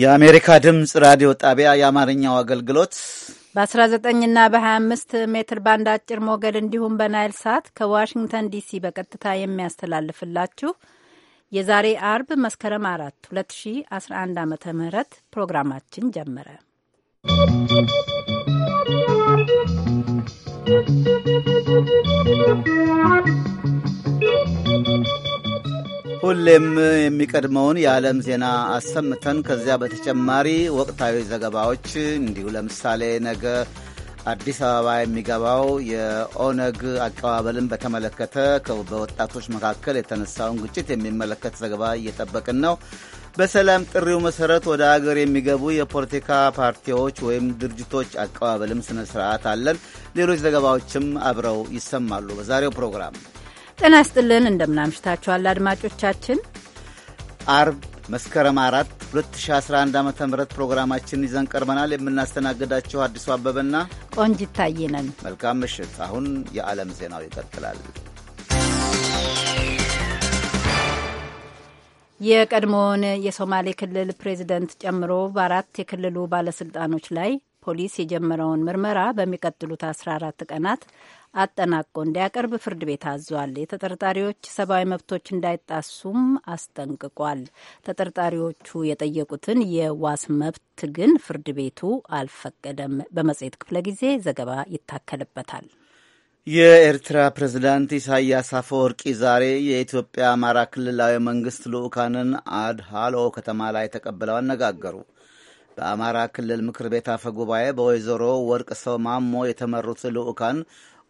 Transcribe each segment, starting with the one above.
የአሜሪካ ድምፅ ራዲዮ ጣቢያ የአማርኛው አገልግሎት በ19 ና በ25 ሜትር ባንድ አጭር ሞገድ እንዲሁም በናይል ሳት ከዋሽንግተን ዲሲ በቀጥታ የሚያስተላልፍላችሁ የዛሬ አርብ መስከረም 4 2011 ዓ ም ፕሮግራማችን ጀመረ። ¶¶ ሁሌም የሚቀድመውን የዓለም ዜና አሰምተን ከዚያ በተጨማሪ ወቅታዊ ዘገባዎች እንዲሁ ለምሳሌ ነገ አዲስ አበባ የሚገባው የኦነግ አቀባበልን በተመለከተ በወጣቶች መካከል የተነሳውን ግጭት የሚመለከት ዘገባ እየጠበቅን ነው። በሰላም ጥሪው መሰረት ወደ አገር የሚገቡ የፖለቲካ ፓርቲዎች ወይም ድርጅቶች አቀባበልም ስነ ስርዓት አለን። ሌሎች ዘገባዎችም አብረው ይሰማሉ በዛሬው ፕሮግራም። ጤና ይስጥልን እንደምናምሽታችኋል አድማጮቻችን። አርብ መስከረም አራት 2011 ዓ ም ፕሮግራማችንን ይዘን ቀርበናል። የምናስተናግዳቸው አዲሱ አበበና ቆንጅ ታየ መልካም ምሽት። አሁን የዓለም ዜናው ይቀጥላል። የቀድሞውን የሶማሌ ክልል ፕሬዚደንት ጨምሮ በአራት የክልሉ ባለስልጣኖች ላይ ፖሊስ የጀመረውን ምርመራ በሚቀጥሉት 14 ቀናት አጠናቆ እንዲያቀርብ ፍርድ ቤት አዟል። የተጠርጣሪዎች ሰብአዊ መብቶች እንዳይጣሱም አስጠንቅቋል። ተጠርጣሪዎቹ የጠየቁትን የዋስ መብት ግን ፍርድ ቤቱ አልፈቀደም። በመጽሔት ክፍለ ጊዜ ዘገባ ይታከልበታል። የኤርትራ ፕሬዝዳንት ኢሳያስ አፈወርቂ ዛሬ የኢትዮጵያ አማራ ክልላዊ መንግስት ልዑካንን ሃሎ ከተማ ላይ ተቀብለው አነጋገሩ። በአማራ ክልል ምክር ቤት አፈ ጉባኤ በወይዘሮ ወርቅ ሰው ማሞ የተመሩት ልዑካን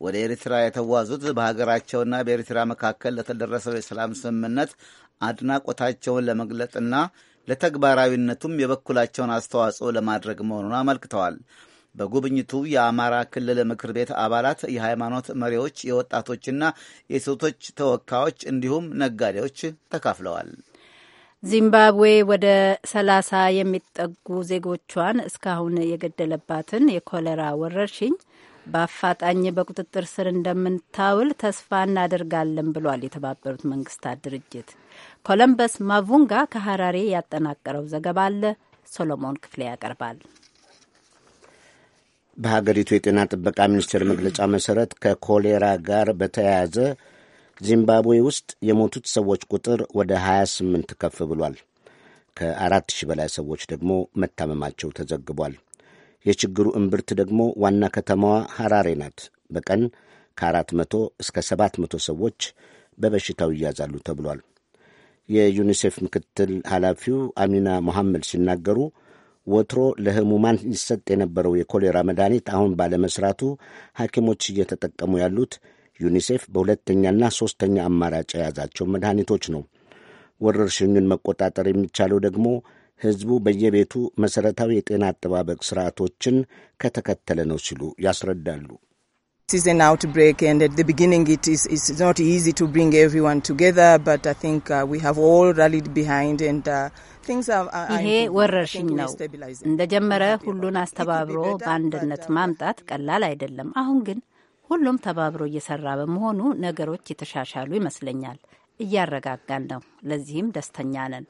ወደ ኤርትራ የተዋዙት በሀገራቸውና በኤርትራ መካከል ለተደረሰው የሰላም ስምምነት አድናቆታቸውን ለመግለጥና ለተግባራዊነቱም የበኩላቸውን አስተዋጽኦ ለማድረግ መሆኑን አመልክተዋል። በጉብኝቱ የአማራ ክልል ምክር ቤት አባላት፣ የሃይማኖት መሪዎች፣ የወጣቶችና የሴቶች ተወካዮች እንዲሁም ነጋዴዎች ተካፍለዋል። ዚምባብዌ ወደ ሰላሳ የሚጠጉ ዜጎቿን እስካሁን የገደለባትን የኮሌራ ወረርሽኝ በአፋጣኝ በቁጥጥር ስር እንደምንታውል ተስፋ እናደርጋለን ብሏል የተባበሩት መንግስታት ድርጅት። ኮለምበስ ማቡንጋ ከሐራሬ ያጠናቀረው ዘገባ አለ። ሶሎሞን ክፍሌ ያቀርባል። በሀገሪቱ የጤና ጥበቃ ሚኒስቴር መግለጫ መሠረት ከኮሌራ ጋር በተያያዘ ዚምባብዌ ውስጥ የሞቱት ሰዎች ቁጥር ወደ 28 ከፍ ብሏል። ከአራት ሺህ በላይ ሰዎች ደግሞ መታመማቸው ተዘግቧል። የችግሩ እምብርት ደግሞ ዋና ከተማዋ ሐራሬ ናት። በቀን ከአራት መቶ እስከ ሰባት መቶ ሰዎች በበሽታው ይያዛሉ ተብሏል። የዩኒሴፍ ምክትል ኃላፊው አሚና መሐመድ ሲናገሩ ወትሮ ለህሙማን ይሰጥ የነበረው የኮሌራ መድኃኒት አሁን ባለመስራቱ ሐኪሞች እየተጠቀሙ ያሉት ዩኒሴፍ በሁለተኛና ሦስተኛ አማራጭ የያዛቸው መድኃኒቶች ነው። ወረርሽኙን መቆጣጠር የሚቻለው ደግሞ ሕዝቡ በየቤቱ መሠረታዊ የጤና አጠባበቅ ስርዓቶችን ከተከተለ ነው ሲሉ ያስረዳሉ። ይሄ ወረርሽኝ ነው። እንደጀመረ ሁሉን uh, አስተባብሮ uh, በአንድነት uh, ማምጣት ቀላል አይደለም። አሁን ግን ሁሉም ተባብሮ እየሰራ በመሆኑ ነገሮች የተሻሻሉ ይመስለኛል። እያረጋጋን ነው። ለዚህም ደስተኛ ነን።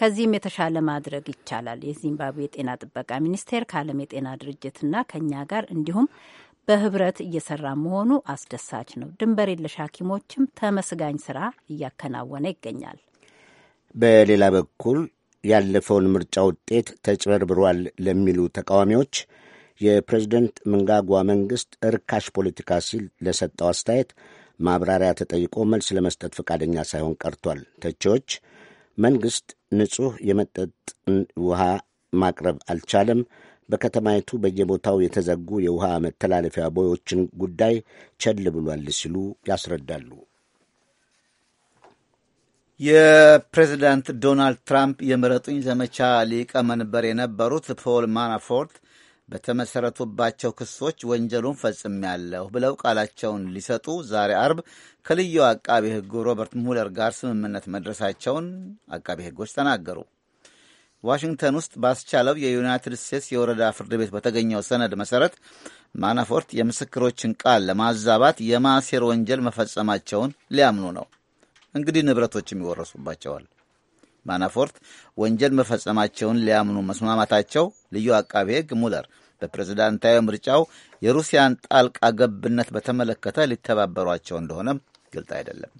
ከዚህም የተሻለ ማድረግ ይቻላል። የዚምባብዌ የጤና ጥበቃ ሚኒስቴር ከዓለም የጤና ድርጅትና ከእኛ ጋር እንዲሁም በህብረት እየሰራ መሆኑ አስደሳች ነው። ድንበር የለሽ ሐኪሞችም ተመስጋኝ ስራ እያከናወነ ይገኛል። በሌላ በኩል ያለፈውን ምርጫ ውጤት ተጭበርብሯል ለሚሉ ተቃዋሚዎች የፕሬዝደንት ምንጋጓ መንግሥት እርካሽ ፖለቲካ ሲል ለሰጠው አስተያየት ማብራሪያ ተጠይቆ መልስ ለመስጠት ፈቃደኛ ሳይሆን ቀርቷል። ተቺዎች መንግሥት ንጹሕ የመጠጥ ውሃ ማቅረብ አልቻለም፣ በከተማይቱ በየቦታው የተዘጉ የውሃ መተላለፊያ ቦዮችን ጉዳይ ቸል ብሏል ሲሉ ያስረዳሉ። የፕሬዚዳንት ዶናልድ ትራምፕ የምረጡኝ ዘመቻ ሊቀመንበር የነበሩት ፖል ማናፎርት በተመሰረቱባቸው ክሶች ወንጀሉን ፈጽሜያለሁ ብለው ቃላቸውን ሊሰጡ ዛሬ አርብ ከልዩ አቃቤ ሕጉ ሮበርት ሙለር ጋር ስምምነት መድረሳቸውን አቃቤ ሕጎች ተናገሩ። ዋሽንግተን ውስጥ ባስቻለው የዩናይትድ ስቴትስ የወረዳ ፍርድ ቤት በተገኘው ሰነድ መሰረት ማናፎርት የምስክሮችን ቃል ለማዛባት የማሴር ወንጀል መፈጸማቸውን ሊያምኑ ነው። እንግዲህ ንብረቶችም ይወረሱባቸዋል። ማናፎርት ወንጀል መፈጸማቸውን ሊያምኑ መስማማታቸው ልዩ አቃቤ ሕግ ሙለር በፕሬዝዳንታዊ ምርጫው የሩሲያን ጣልቃ ገብነት በተመለከተ ሊተባበሯቸው እንደሆነም ግልጽ አይደለም።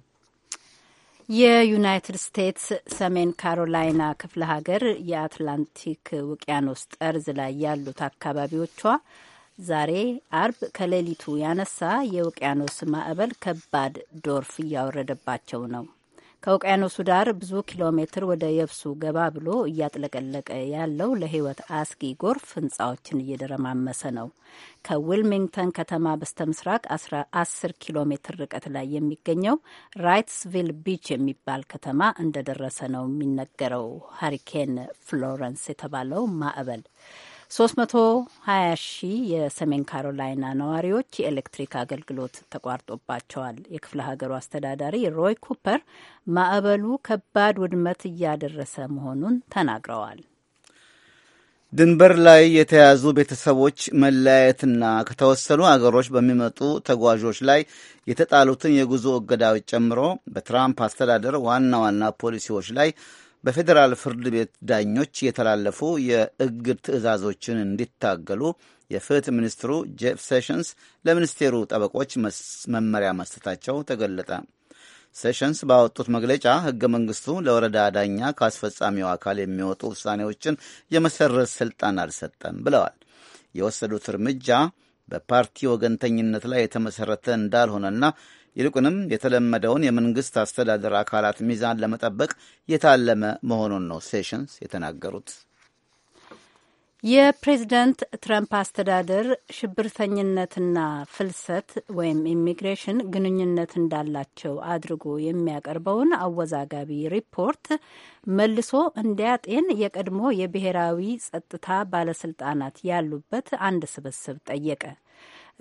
የዩናይትድ ስቴትስ ሰሜን ካሮላይና ክፍለ ሀገር የአትላንቲክ ውቅያኖስ ጠርዝ ላይ ያሉት አካባቢዎቿ ዛሬ አርብ ከሌሊቱ ያነሳ የውቅያኖስ ማዕበል ከባድ ዶርፍ እያወረደባቸው ነው። ከውቅያኖሱ ዳር ብዙ ኪሎ ሜትር ወደ የብሱ ገባ ብሎ እያጥለቀለቀ ያለው ለሕይወት አስጊ ጎርፍ ሕንፃዎችን እየደረማመሰ ነው። ከዊልሚንግተን ከተማ በስተ ምስራቅ 10 ኪሎ ሜትር ርቀት ላይ የሚገኘው ራይትስቪል ቢች የሚባል ከተማ እንደደረሰ ነው የሚነገረው ሀሪኬን ፍሎረንስ የተባለው ማዕበል 320 ሺህ የሰሜን ካሮላይና ነዋሪዎች የኤሌክትሪክ አገልግሎት ተቋርጦባቸዋል። የክፍለ ሀገሩ አስተዳዳሪ ሮይ ኩፐር ማዕበሉ ከባድ ውድመት እያደረሰ መሆኑን ተናግረዋል። ድንበር ላይ የተያዙ ቤተሰቦች መለያየትና ከተወሰኑ አገሮች በሚመጡ ተጓዦች ላይ የተጣሉትን የጉዞ እገዳዎች ጨምሮ በትራምፕ አስተዳደር ዋና ዋና ፖሊሲዎች ላይ በፌዴራል ፍርድ ቤት ዳኞች የተላለፉ የእግድ ትዕዛዞችን እንዲታገሉ የፍትህ ሚኒስትሩ ጄፍ ሴሽንስ ለሚኒስቴሩ ጠበቆች መመሪያ መስጠታቸው ተገለጠ። ሴሽንስ ባወጡት መግለጫ ህገ መንግስቱ ለወረዳ ዳኛ ከአስፈጻሚው አካል የሚወጡ ውሳኔዎችን የመሰረዝ ስልጣን አልሰጠም ብለዋል። የወሰዱት እርምጃ በፓርቲ ወገንተኝነት ላይ የተመሰረተ እንዳልሆነና ይልቁንም የተለመደውን የመንግስት አስተዳደር አካላት ሚዛን ለመጠበቅ የታለመ መሆኑን ነው ሴሽንስ የተናገሩት። የፕሬዝደንት ትረምፕ አስተዳደር ሽብርተኝነትና ፍልሰት ወይም ኢሚግሬሽን ግንኙነት እንዳላቸው አድርጎ የሚያቀርበውን አወዛጋቢ ሪፖርት መልሶ እንዲያጤን የቀድሞ የብሔራዊ ጸጥታ ባለስልጣናት ያሉበት አንድ ስብስብ ጠየቀ።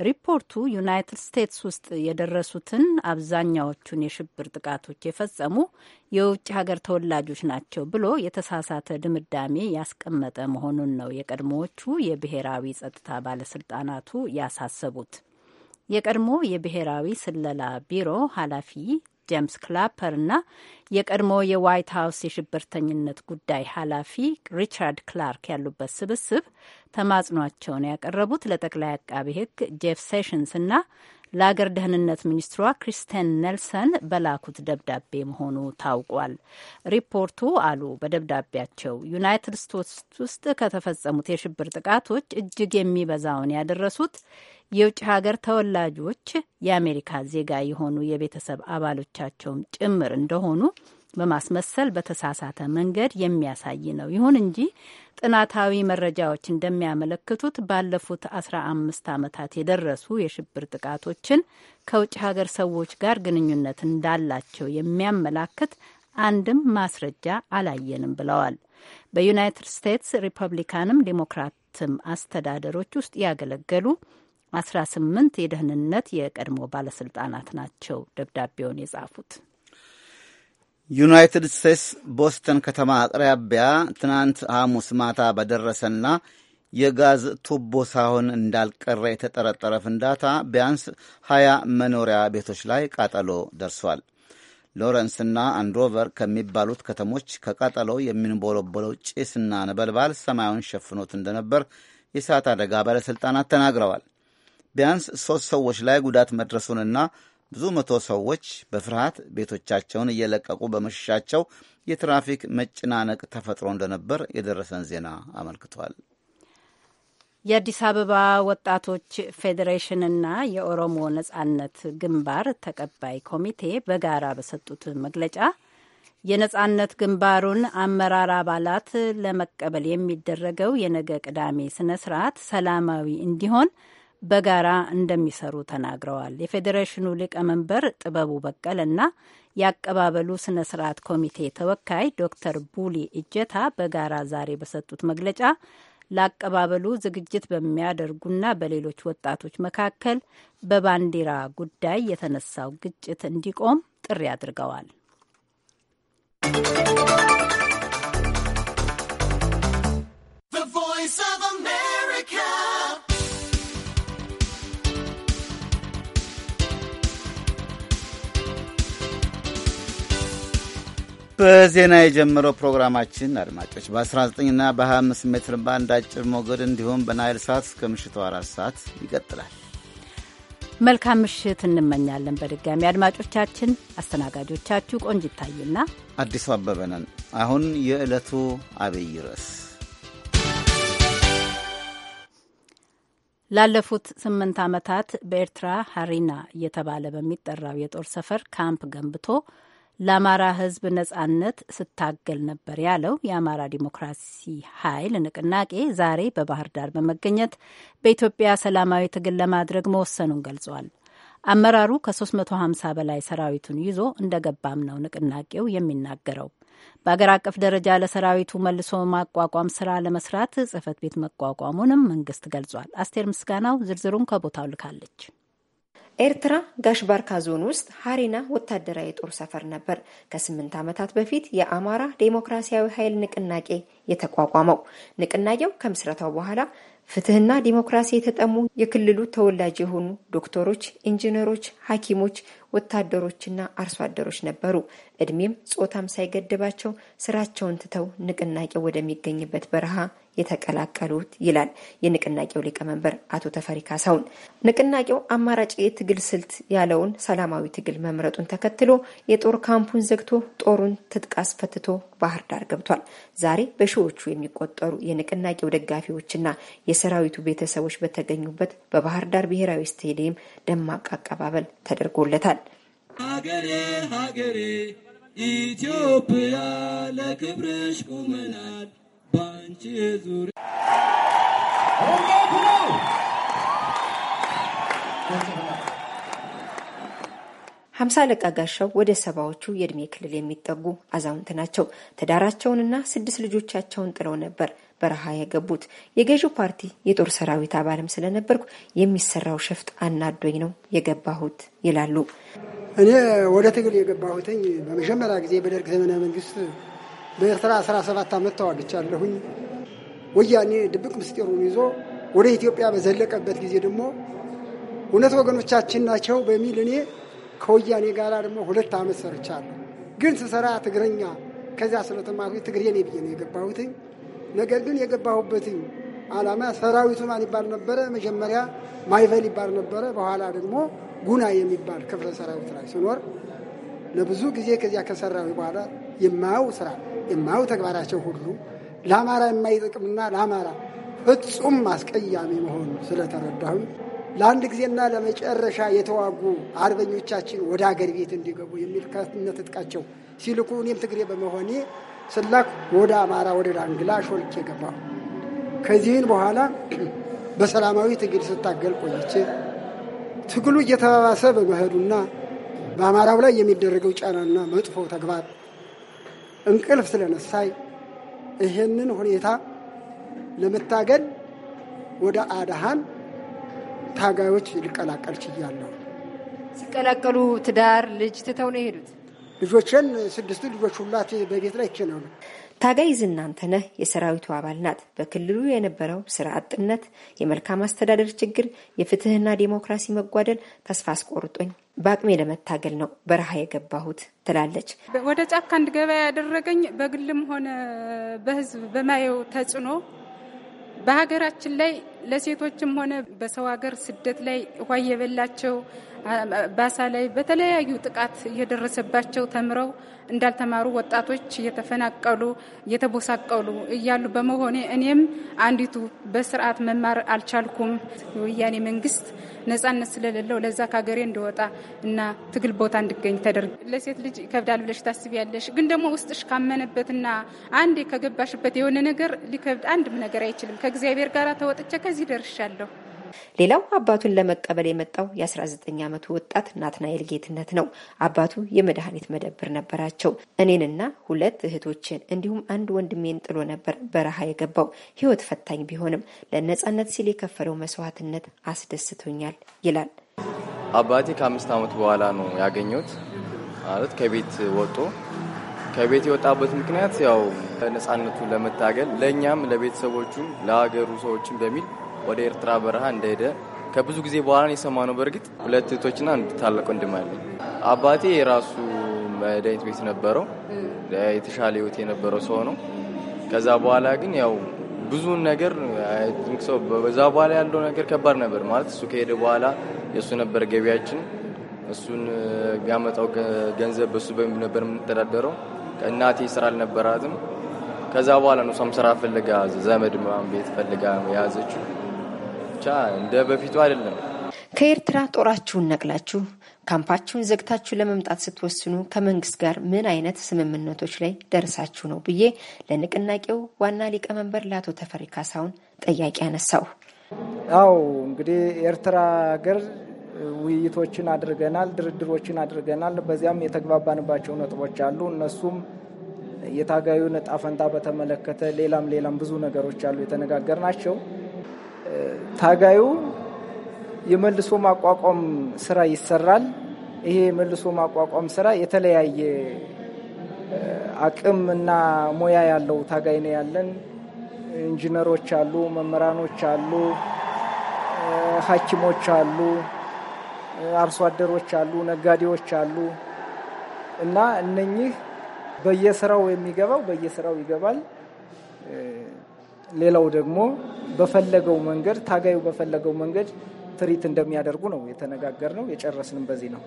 ሪፖርቱ ዩናይትድ ስቴትስ ውስጥ የደረሱትን አብዛኛዎቹን የሽብር ጥቃቶች የፈጸሙ የውጭ ሀገር ተወላጆች ናቸው ብሎ የተሳሳተ ድምዳሜ ያስቀመጠ መሆኑን ነው የቀድሞዎቹ የብሔራዊ ጸጥታ ባለስልጣናቱ ያሳሰቡት። የቀድሞ የብሔራዊ ስለላ ቢሮ ኃላፊ ጄምስ ክላፐር እና የቀድሞ የዋይት ሀውስ የሽብርተኝነት ጉዳይ ኃላፊ ሪቻርድ ክላርክ ያሉበት ስብስብ ተማጽኗቸውን ያቀረቡት ለጠቅላይ አቃቤ ሕግ ጄፍ ሴሽንስ እና ለአገር ደህንነት ሚኒስትሯ ክሪስቲን ኔልሰን በላኩት ደብዳቤ መሆኑ ታውቋል። ሪፖርቱ አሉ በደብዳቤያቸው ዩናይትድ ስቴትስ ውስጥ ከተፈጸሙት የሽብር ጥቃቶች እጅግ የሚበዛውን ያደረሱት የውጭ ሀገር ተወላጆች የአሜሪካ ዜጋ የሆኑ የቤተሰብ አባሎቻቸውም ጭምር እንደሆኑ በማስመሰል በተሳሳተ መንገድ የሚያሳይ ነው። ይሁን እንጂ ጥናታዊ መረጃዎች እንደሚያመለክቱት ባለፉት አስራ አምስት ዓመታት የደረሱ የሽብር ጥቃቶችን ከውጭ ሀገር ሰዎች ጋር ግንኙነት እንዳላቸው የሚያመላክት አንድም ማስረጃ አላየንም ብለዋል። በዩናይትድ ስቴትስ ሪፐብሊካንም ዴሞክራትም አስተዳደሮች ውስጥ ያገለገሉ አስራ ስምንት የደህንነት የቀድሞ ባለስልጣናት ናቸው ደብዳቤውን የጻፉት። ዩናይትድ ስቴትስ ቦስተን ከተማ አቅራቢያ ትናንት ሐሙስ ማታ በደረሰና የጋዝ ቱቦ ሳሆን እንዳልቀረ የተጠረጠረ ፍንዳታ ቢያንስ ሀያ መኖሪያ ቤቶች ላይ ቃጠሎ ደርሷል። ሎረንስና አንድሮቨር ከሚባሉት ከተሞች ከቃጠሎ የሚንቦለቦለው ጭስና ነበልባል ሰማዩን ሸፍኖት እንደነበር የእሳት አደጋ ባለሥልጣናት ተናግረዋል። ቢያንስ ሦስት ሰዎች ላይ ጉዳት መድረሱንና ብዙ መቶ ሰዎች በፍርሃት ቤቶቻቸውን እየለቀቁ በመሸሻቸው የትራፊክ መጨናነቅ ተፈጥሮ እንደነበር የደረሰን ዜና አመልክቷል። የአዲስ አበባ ወጣቶች ፌዴሬሽንና የኦሮሞ ነጻነት ግንባር ተቀባይ ኮሚቴ በጋራ በሰጡት መግለጫ የነጻነት ግንባሩን አመራር አባላት ለመቀበል የሚደረገው የነገ ቅዳሜ ስነ ስርዓት ሰላማዊ እንዲሆን በጋራ እንደሚሰሩ ተናግረዋል። የፌዴሬሽኑ ሊቀመንበር ጥበቡ በቀለና የአቀባበሉ ስነ ስርዓት ኮሚቴ ተወካይ ዶክተር ቡሊ እጀታ በጋራ ዛሬ በሰጡት መግለጫ ለአቀባበሉ ዝግጅት በሚያደርጉና በሌሎች ወጣቶች መካከል በባንዲራ ጉዳይ የተነሳው ግጭት እንዲቆም ጥሪ አድርገዋል። በዜና የጀመረው ፕሮግራማችን አድማጮች በ19ና በ25 ሜትር ባንድ አጭር ሞገድ እንዲሁም በናይል ሰዓት እስከ ምሽቱ አራት ሰዓት ይቀጥላል። መልካም ምሽት እንመኛለን። በድጋሚ አድማጮቻችን፣ አስተናጋጆቻችሁ ቆንጅ ይታይና አዲሱ አበበ ነን። አሁን የዕለቱ አብይ ርዕስ ላለፉት ስምንት ዓመታት በኤርትራ ሀሪና እየተባለ በሚጠራው የጦር ሰፈር ካምፕ ገንብቶ ለአማራ ሕዝብ ነጻነት ስታገል ነበር ያለው የአማራ ዲሞክራሲ ኃይል ንቅናቄ ዛሬ በባህር ዳር በመገኘት በኢትዮጵያ ሰላማዊ ትግል ለማድረግ መወሰኑን ገልጿል። አመራሩ ከ350 በላይ ሰራዊቱን ይዞ እንደገባም ነው ንቅናቄው የሚናገረው። በአገር አቀፍ ደረጃ ለሰራዊቱ መልሶ ማቋቋም ስራ ለመስራት ጽህፈት ቤት መቋቋሙንም መንግስት ገልጿል። አስቴር ምስጋናው ዝርዝሩን ከቦታው ልካለች። ኤርትራ ጋሽባርካ ዞን ውስጥ ሀሬና ወታደራዊ የጦር ሰፈር ነበር ከስምንት ዓመታት በፊት የአማራ ዴሞክራሲያዊ ኃይል ንቅናቄ የተቋቋመው። ንቅናቄው ከምስረታው በኋላ ፍትህና ዲሞክራሲ የተጠሙ የክልሉ ተወላጅ የሆኑ ዶክተሮች፣ ኢንጂነሮች፣ ሐኪሞች ወታደሮችና አርሶ አደሮች ነበሩ። እድሜም ጾታም ሳይገድባቸው ስራቸውን ትተው ንቅናቄው ወደሚገኝበት በረሃ የተቀላቀሉት ይላል የንቅናቄው ሊቀመንበር አቶ ተፈሪ ካሳውን። ንቅናቄው አማራጭ የትግል ስልት ያለውን ሰላማዊ ትግል መምረጡን ተከትሎ የጦር ካምፑን ዘግቶ ጦሩን ትጥቅ አስፈትቶ ባህር ዳር ገብቷል። ዛሬ በሺዎቹ የሚቆጠሩ የንቅናቄው ደጋፊዎችና የሰራዊቱ ቤተሰቦች በተገኙበት በባህር ዳር ብሔራዊ ስቴዲየም ደማቅ አቀባበል ተደርጎለታል። ሀገሬ ሀገሬ ኢትዮጵያ ለክብርሽ ቁመናል ባንቺ ዙሪያ ሀምሳ አለቃ ጋሻው ወደ ሰባዎቹ የእድሜ ክልል የሚጠጉ አዛውንት ናቸው። ትዳራቸውንና ስድስት ልጆቻቸውን ጥለው ነበር በረሃ ያገቡት። የገዢው ፓርቲ የጦር ሰራዊት አባልም ስለነበርኩ የሚሰራው ሸፍጥ አናዶኝ ነው የገባሁት ይላሉ። እኔ ወደ ትግል የገባሁትኝ በመጀመሪያ ጊዜ በደርግ ዘመነ መንግስት በኤርትራ 17 ዓመት ተዋግቻለሁኝ። ወያኔ ድብቅ ምስጢሩን ይዞ ወደ ኢትዮጵያ በዘለቀበት ጊዜ ደግሞ እውነት ወገኖቻችን ናቸው በሚል እኔ ከወያኔ ጋር ደግሞ ሁለት ዓመት ሰርቻለሁ። ግን ስሰራ ትግረኛ ከዚያ ስለተማሩ ትግሬ ነኝ ብዬ ነው የገባሁትኝ። ነገር ግን የገባሁበት ዓላማ ሰራዊቱ ማን ይባል ነበረ? መጀመሪያ ማይፈል ይባል ነበረ። በኋላ ደግሞ ጉና የሚባል ክፍለ ሰራዊት ላይ ስኖር ለብዙ ጊዜ ከዚያ ከሰራዊ በኋላ የማየው ስራ የማየው ተግባራቸው ሁሉ ለአማራ የማይጠቅምና ለአማራ ፍጹም አስቀያሚ መሆኑ ስለተረዳሁም ለአንድ ጊዜና ለመጨረሻ የተዋጉ አርበኞቻችን ወደ አገር ቤት እንዲገቡ የሚል ከነትጥቃቸው ሲልኩ እኔም ትግሬ በመሆኔ ስላክ ወደ አማራ ወደ ዳንግላ ሾልክ የገባው። ከዚህን በኋላ በሰላማዊ ትግል ስታገል ቆይቼ ትግሉ እየተባባሰ በመሄዱና በአማራው ላይ የሚደረገው ጫናና መጥፎ ተግባር እንቅልፍ ስለነሳይ ይህንን ሁኔታ ለመታገል ወደ አድሃን ታጋዮች ሊቀላቀል ችያለሁ። ሲቀላቀሉ ትዳር ልጅ ትተው ነው የሄዱት። ልጆችን ስድስቱ ልጆች ሁላት በቤት ላይ ይችላሉ። ታጋይ ዝናንተነህ የሰራዊቱ አባል ናት። በክልሉ የነበረው ስራ አጥነት፣ የመልካም አስተዳደር ችግር፣ የፍትህና ዴሞክራሲ መጓደል ተስፋ አስቆርጦኝ በአቅሜ ለመታገል ነው በረሃ የገባሁት ትላለች። ወደ ጫካ እንድገባ ያደረገኝ በግልም ሆነ በህዝብ በማየው ተጽዕኖ በሀገራችን ላይ ለሴቶችም ሆነ በሰው ሀገር ስደት ላይ ውሃ የበላቸው ባሳ ላይ በተለያዩ ጥቃት እየደረሰባቸው ተምረው እንዳልተማሩ ወጣቶች እየተፈናቀሉ እየተቦሳቀሉ እያሉ በመሆኔ እኔም አንዲቱ በስርዓት መማር አልቻልኩም። የወያኔ መንግስት ነጻነት ስለሌለው ለዛ ከሀገሬ እንደወጣ እና ትግል ቦታ እንድገኝ ተደርግ። ለሴት ልጅ ይከብዳል ብለሽ ታስቢያለሽ፣ ግን ደግሞ ውስጥሽ ካመነበትና አንዴ ከገባሽበት የሆነ ነገር ሊከብድ አንድም ነገር አይችልም። ከእግዚአብሔር ጋር ተወጥቼ ከዚህ ደርሻለሁ። ሌላው አባቱን ለመቀበል የመጣው የ19 ዓመቱ ወጣት ናትናኤል ጌትነት ነው። አባቱ የመድኃኒት መደብር ነበራቸው። እኔንና ሁለት እህቶችን እንዲሁም አንድ ወንድሜን ጥሎ ነበር በረሃ የገባው። ህይወት ፈታኝ ቢሆንም ለነጻነት ሲል የከፈለው መስዋዕትነት አስደስቶኛል ይላል። አባቴ ከአምስት ዓመት በኋላ ነው ያገኘሁት። ማለት ከቤት ወጦ ከቤት የወጣበት ምክንያት ያው ነጻነቱ ለመታገል ለእኛም፣ ለቤተሰቦቹም፣ ለሀገሩ ሰዎችም በሚል ወደ ኤርትራ በረሃ እንደሄደ ከብዙ ጊዜ በኋላ የሰማ ነው። በእርግጥ ሁለት እህቶችና አንድ ታላቅ ወንድም አለኝ። አባቴ የራሱ መድኃኒት ቤት ነበረው። የተሻለ ህይወት የነበረው ሰው ነው። ከዛ በኋላ ግን ያው ብዙውን ነገር ሰው በዛ በኋላ ያለው ነገር ከባድ ነበር ማለት እሱ ከሄደ በኋላ የእሱ ነበር ገቢያችን። እሱን ያመጣው ገንዘብ በእሱ ነበር የምንተዳደረው። እናቴ ስራ አልነበራትም። ከዛ በኋላ ነው እሷም ስራ ፈልጋ ዘመድ ቤት ፈልጋ የያዘችው። ብቻ እንደ በፊቱ አይደለም። ከኤርትራ ጦራችሁን ነቅላችሁ ካምፓችሁን ዘግታችሁ ለመምጣት ስትወስኑ ከመንግስት ጋር ምን አይነት ስምምነቶች ላይ ደርሳችሁ ነው ብዬ ለንቅናቄው ዋና ሊቀመንበር ለአቶ ተፈሪ ካሳሁን ጥያቄ ያነሳው። አው እንግዲህ ኤርትራ ሀገር ውይይቶችን አድርገናል፣ ድርድሮችን አድርገናል። በዚያም የተግባባንባቸው ነጥቦች አሉ። እነሱም የታጋዩን እጣ ፈንታ በተመለከተ ሌላም ሌላም ብዙ ነገሮች አሉ የተነጋገር ናቸው። ታጋዩ የመልሶ ማቋቋም ስራ ይሰራል። ይሄ የመልሶ ማቋቋም ስራ የተለያየ አቅም እና ሙያ ያለው ታጋይ ነው ያለን። ኢንጂነሮች አሉ፣ መምህራኖች አሉ፣ ሐኪሞች አሉ፣ አርሶ አደሮች አሉ፣ ነጋዴዎች አሉ እና እነኚህ በየስራው የሚገባው በየስራው ይገባል። ሌላው ደግሞ በፈለገው መንገድ ታጋዩ በፈለገው መንገድ ትሪት እንደሚያደርጉ ነው የተነጋገር ነው። የጨረስንም በዚህ ነው።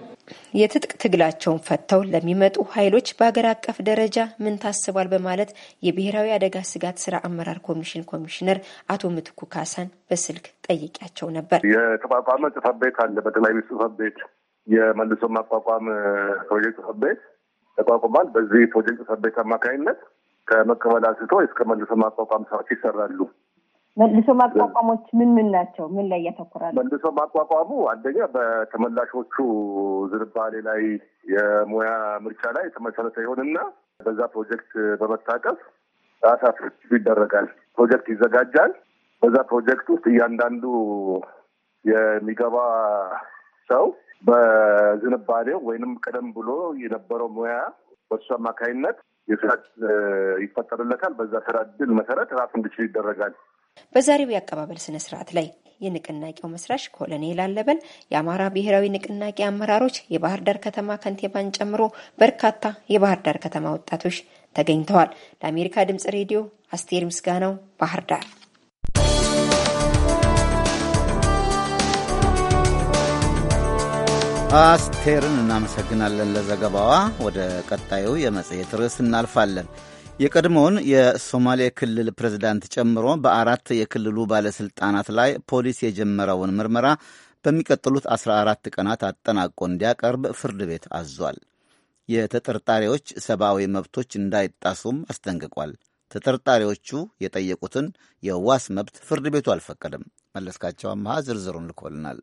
የትጥቅ ትግላቸውን ፈተው ለሚመጡ ኃይሎች በሀገር አቀፍ ደረጃ ምን ታስቧል በማለት የብሔራዊ አደጋ ስጋት ስራ አመራር ኮሚሽን ኮሚሽነር አቶ ምትኩ ካሳን በስልክ ጠይቂያቸው ነበር። የተቋቋመ ጽፈት ቤት አለ። በጠቅላይ ሚኒስትር ጽፈት ቤት የመልሶ ማቋቋም ፕሮጀክት ጽፈት ቤት ተቋቁሟል። በዚህ ፕሮጀክት ጽፈት ቤት አማካኝነት ከመቀበል አንስቶ እስከ መልሶ ማቋቋም ስራዎች ይሰራሉ። መልሶ ማቋቋሞች ምን ምን ናቸው? ምን ላይ ያተኩራሉ? መልሶ ማቋቋሙ አንደኛ በተመላሾቹ ዝንባሌ ላይ የሙያ ምርጫ ላይ የተመሰረተ ይሆንና በዛ ፕሮጀክት በመታቀፍ ራሳቶች ይደረጋል። ፕሮጀክት ይዘጋጃል። በዛ ፕሮጀክት ውስጥ እያንዳንዱ የሚገባ ሰው በዝንባሌው ወይንም ቀደም ብሎ የነበረው ሙያ በሱ አማካኝነት የስራ ይፈጠርለታል። በዛ ስራ እድል መሰረት ራሱ እንዲችል ይደረጋል። በዛሬው የአቀባበል ስነ ስርዓት ላይ የንቅናቄው መስራች ኮሎኔል አለበል የአማራ ብሔራዊ ንቅናቄ አመራሮች፣ የባህር ዳር ከተማ ከንቲባን ጨምሮ በርካታ የባህር ዳር ከተማ ወጣቶች ተገኝተዋል። ለአሜሪካ ድምጽ ሬዲዮ አስቴር ምስጋናው ባህር ዳር አስቴርን እናመሰግናለን ለዘገባዋ። ወደ ቀጣዩ የመጽሔት ርዕስ እናልፋለን። የቀድሞውን የሶማሌ ክልል ፕሬዝዳንት ጨምሮ በአራት የክልሉ ባለሥልጣናት ላይ ፖሊስ የጀመረውን ምርመራ በሚቀጥሉት 14 ቀናት አጠናቆ እንዲያቀርብ ፍርድ ቤት አዟል። የተጠርጣሪዎች ሰብአዊ መብቶች እንዳይጣሱም አስጠንቅቋል። ተጠርጣሪዎቹ የጠየቁትን የዋስ መብት ፍርድ ቤቱ አልፈቀደም። መለስካቸው አመሃ ዝርዝሩን ልኮልናል።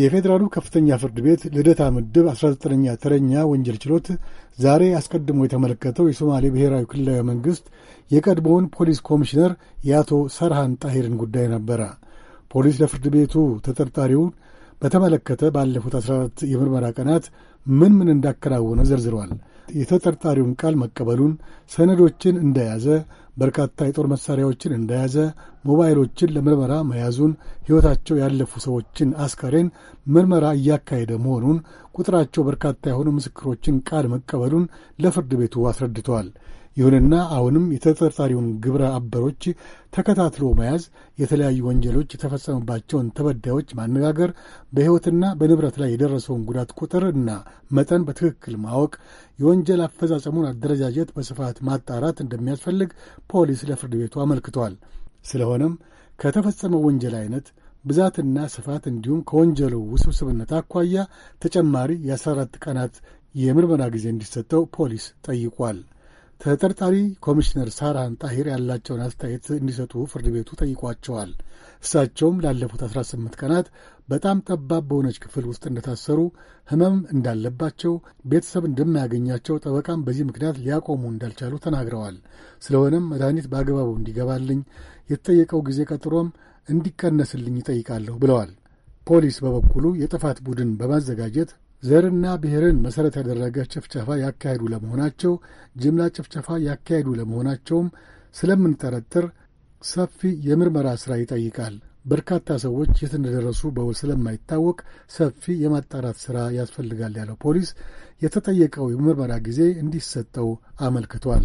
የፌዴራሉ ከፍተኛ ፍርድ ቤት ልደታ ምድብ 19ኛ ተረኛ ወንጀል ችሎት ዛሬ አስቀድሞ የተመለከተው የሶማሌ ብሔራዊ ክልላዊ መንግሥት የቀድሞውን ፖሊስ ኮሚሽነር የአቶ ሰርሃን ጣሂርን ጉዳይ ነበረ። ፖሊስ ለፍርድ ቤቱ ተጠርጣሪውን በተመለከተ ባለፉት 14 የምርመራ ቀናት ምን ምን እንዳከናወነ ዘርዝሯል። የተጠርጣሪውን ቃል መቀበሉን፣ ሰነዶችን እንደያዘ፣ በርካታ የጦር መሣሪያዎችን እንደያዘ፣ ሞባይሎችን ለምርመራ መያዙን፣ ሕይወታቸው ያለፉ ሰዎችን አስከሬን ምርመራ እያካሄደ መሆኑን፣ ቁጥራቸው በርካታ የሆኑ ምስክሮችን ቃል መቀበሉን ለፍርድ ቤቱ አስረድተዋል። ይሁንና አሁንም የተጠርጣሪውን ግብረ አበሮች ተከታትሎ መያዝ፣ የተለያዩ ወንጀሎች የተፈጸሙባቸውን ተበዳዮች ማነጋገር፣ በሕይወትና በንብረት ላይ የደረሰውን ጉዳት ቁጥር እና መጠን በትክክል ማወቅ፣ የወንጀል አፈጻጸሙን አደረጃጀት በስፋት ማጣራት እንደሚያስፈልግ ፖሊስ ለፍርድ ቤቱ አመልክቷል። ስለሆነም ከተፈጸመው ወንጀል አይነት ብዛትና ስፋት እንዲሁም ከወንጀሉ ውስብስብነት አኳያ ተጨማሪ የ 14 ቀናት የምርመራ ጊዜ እንዲሰጠው ፖሊስ ጠይቋል። ተጠርጣሪ ኮሚሽነር ሳርሃን ጣሂር ያላቸውን አስተያየት እንዲሰጡ ፍርድ ቤቱ ጠይቋቸዋል። እሳቸውም ላለፉት 18 ቀናት በጣም ጠባብ በሆነች ክፍል ውስጥ እንደታሰሩ፣ ህመም እንዳለባቸው፣ ቤተሰብ እንደማያገኛቸው፣ ጠበቃም በዚህ ምክንያት ሊያቆሙ እንዳልቻሉ ተናግረዋል። ስለሆነም መድኃኒት በአግባቡ እንዲገባልኝ የተጠየቀው ጊዜ ቀጥሮም እንዲቀነስልኝ ይጠይቃለሁ ብለዋል። ፖሊስ በበኩሉ የጥፋት ቡድን በማዘጋጀት ዘርና ብሔርን መሠረት ያደረገ ጭፍጨፋ ያካሄዱ ለመሆናቸው ጅምላ ጭፍጨፋ ያካሄዱ ለመሆናቸውም ስለምንጠረጥር ሰፊ የምርመራ ሥራ ይጠይቃል። በርካታ ሰዎች የት እንደደረሱ በውል ስለማይታወቅ ሰፊ የማጣራት ሥራ ያስፈልጋል ያለው ፖሊስ የተጠየቀው የምርመራ ጊዜ እንዲሰጠው አመልክቷል።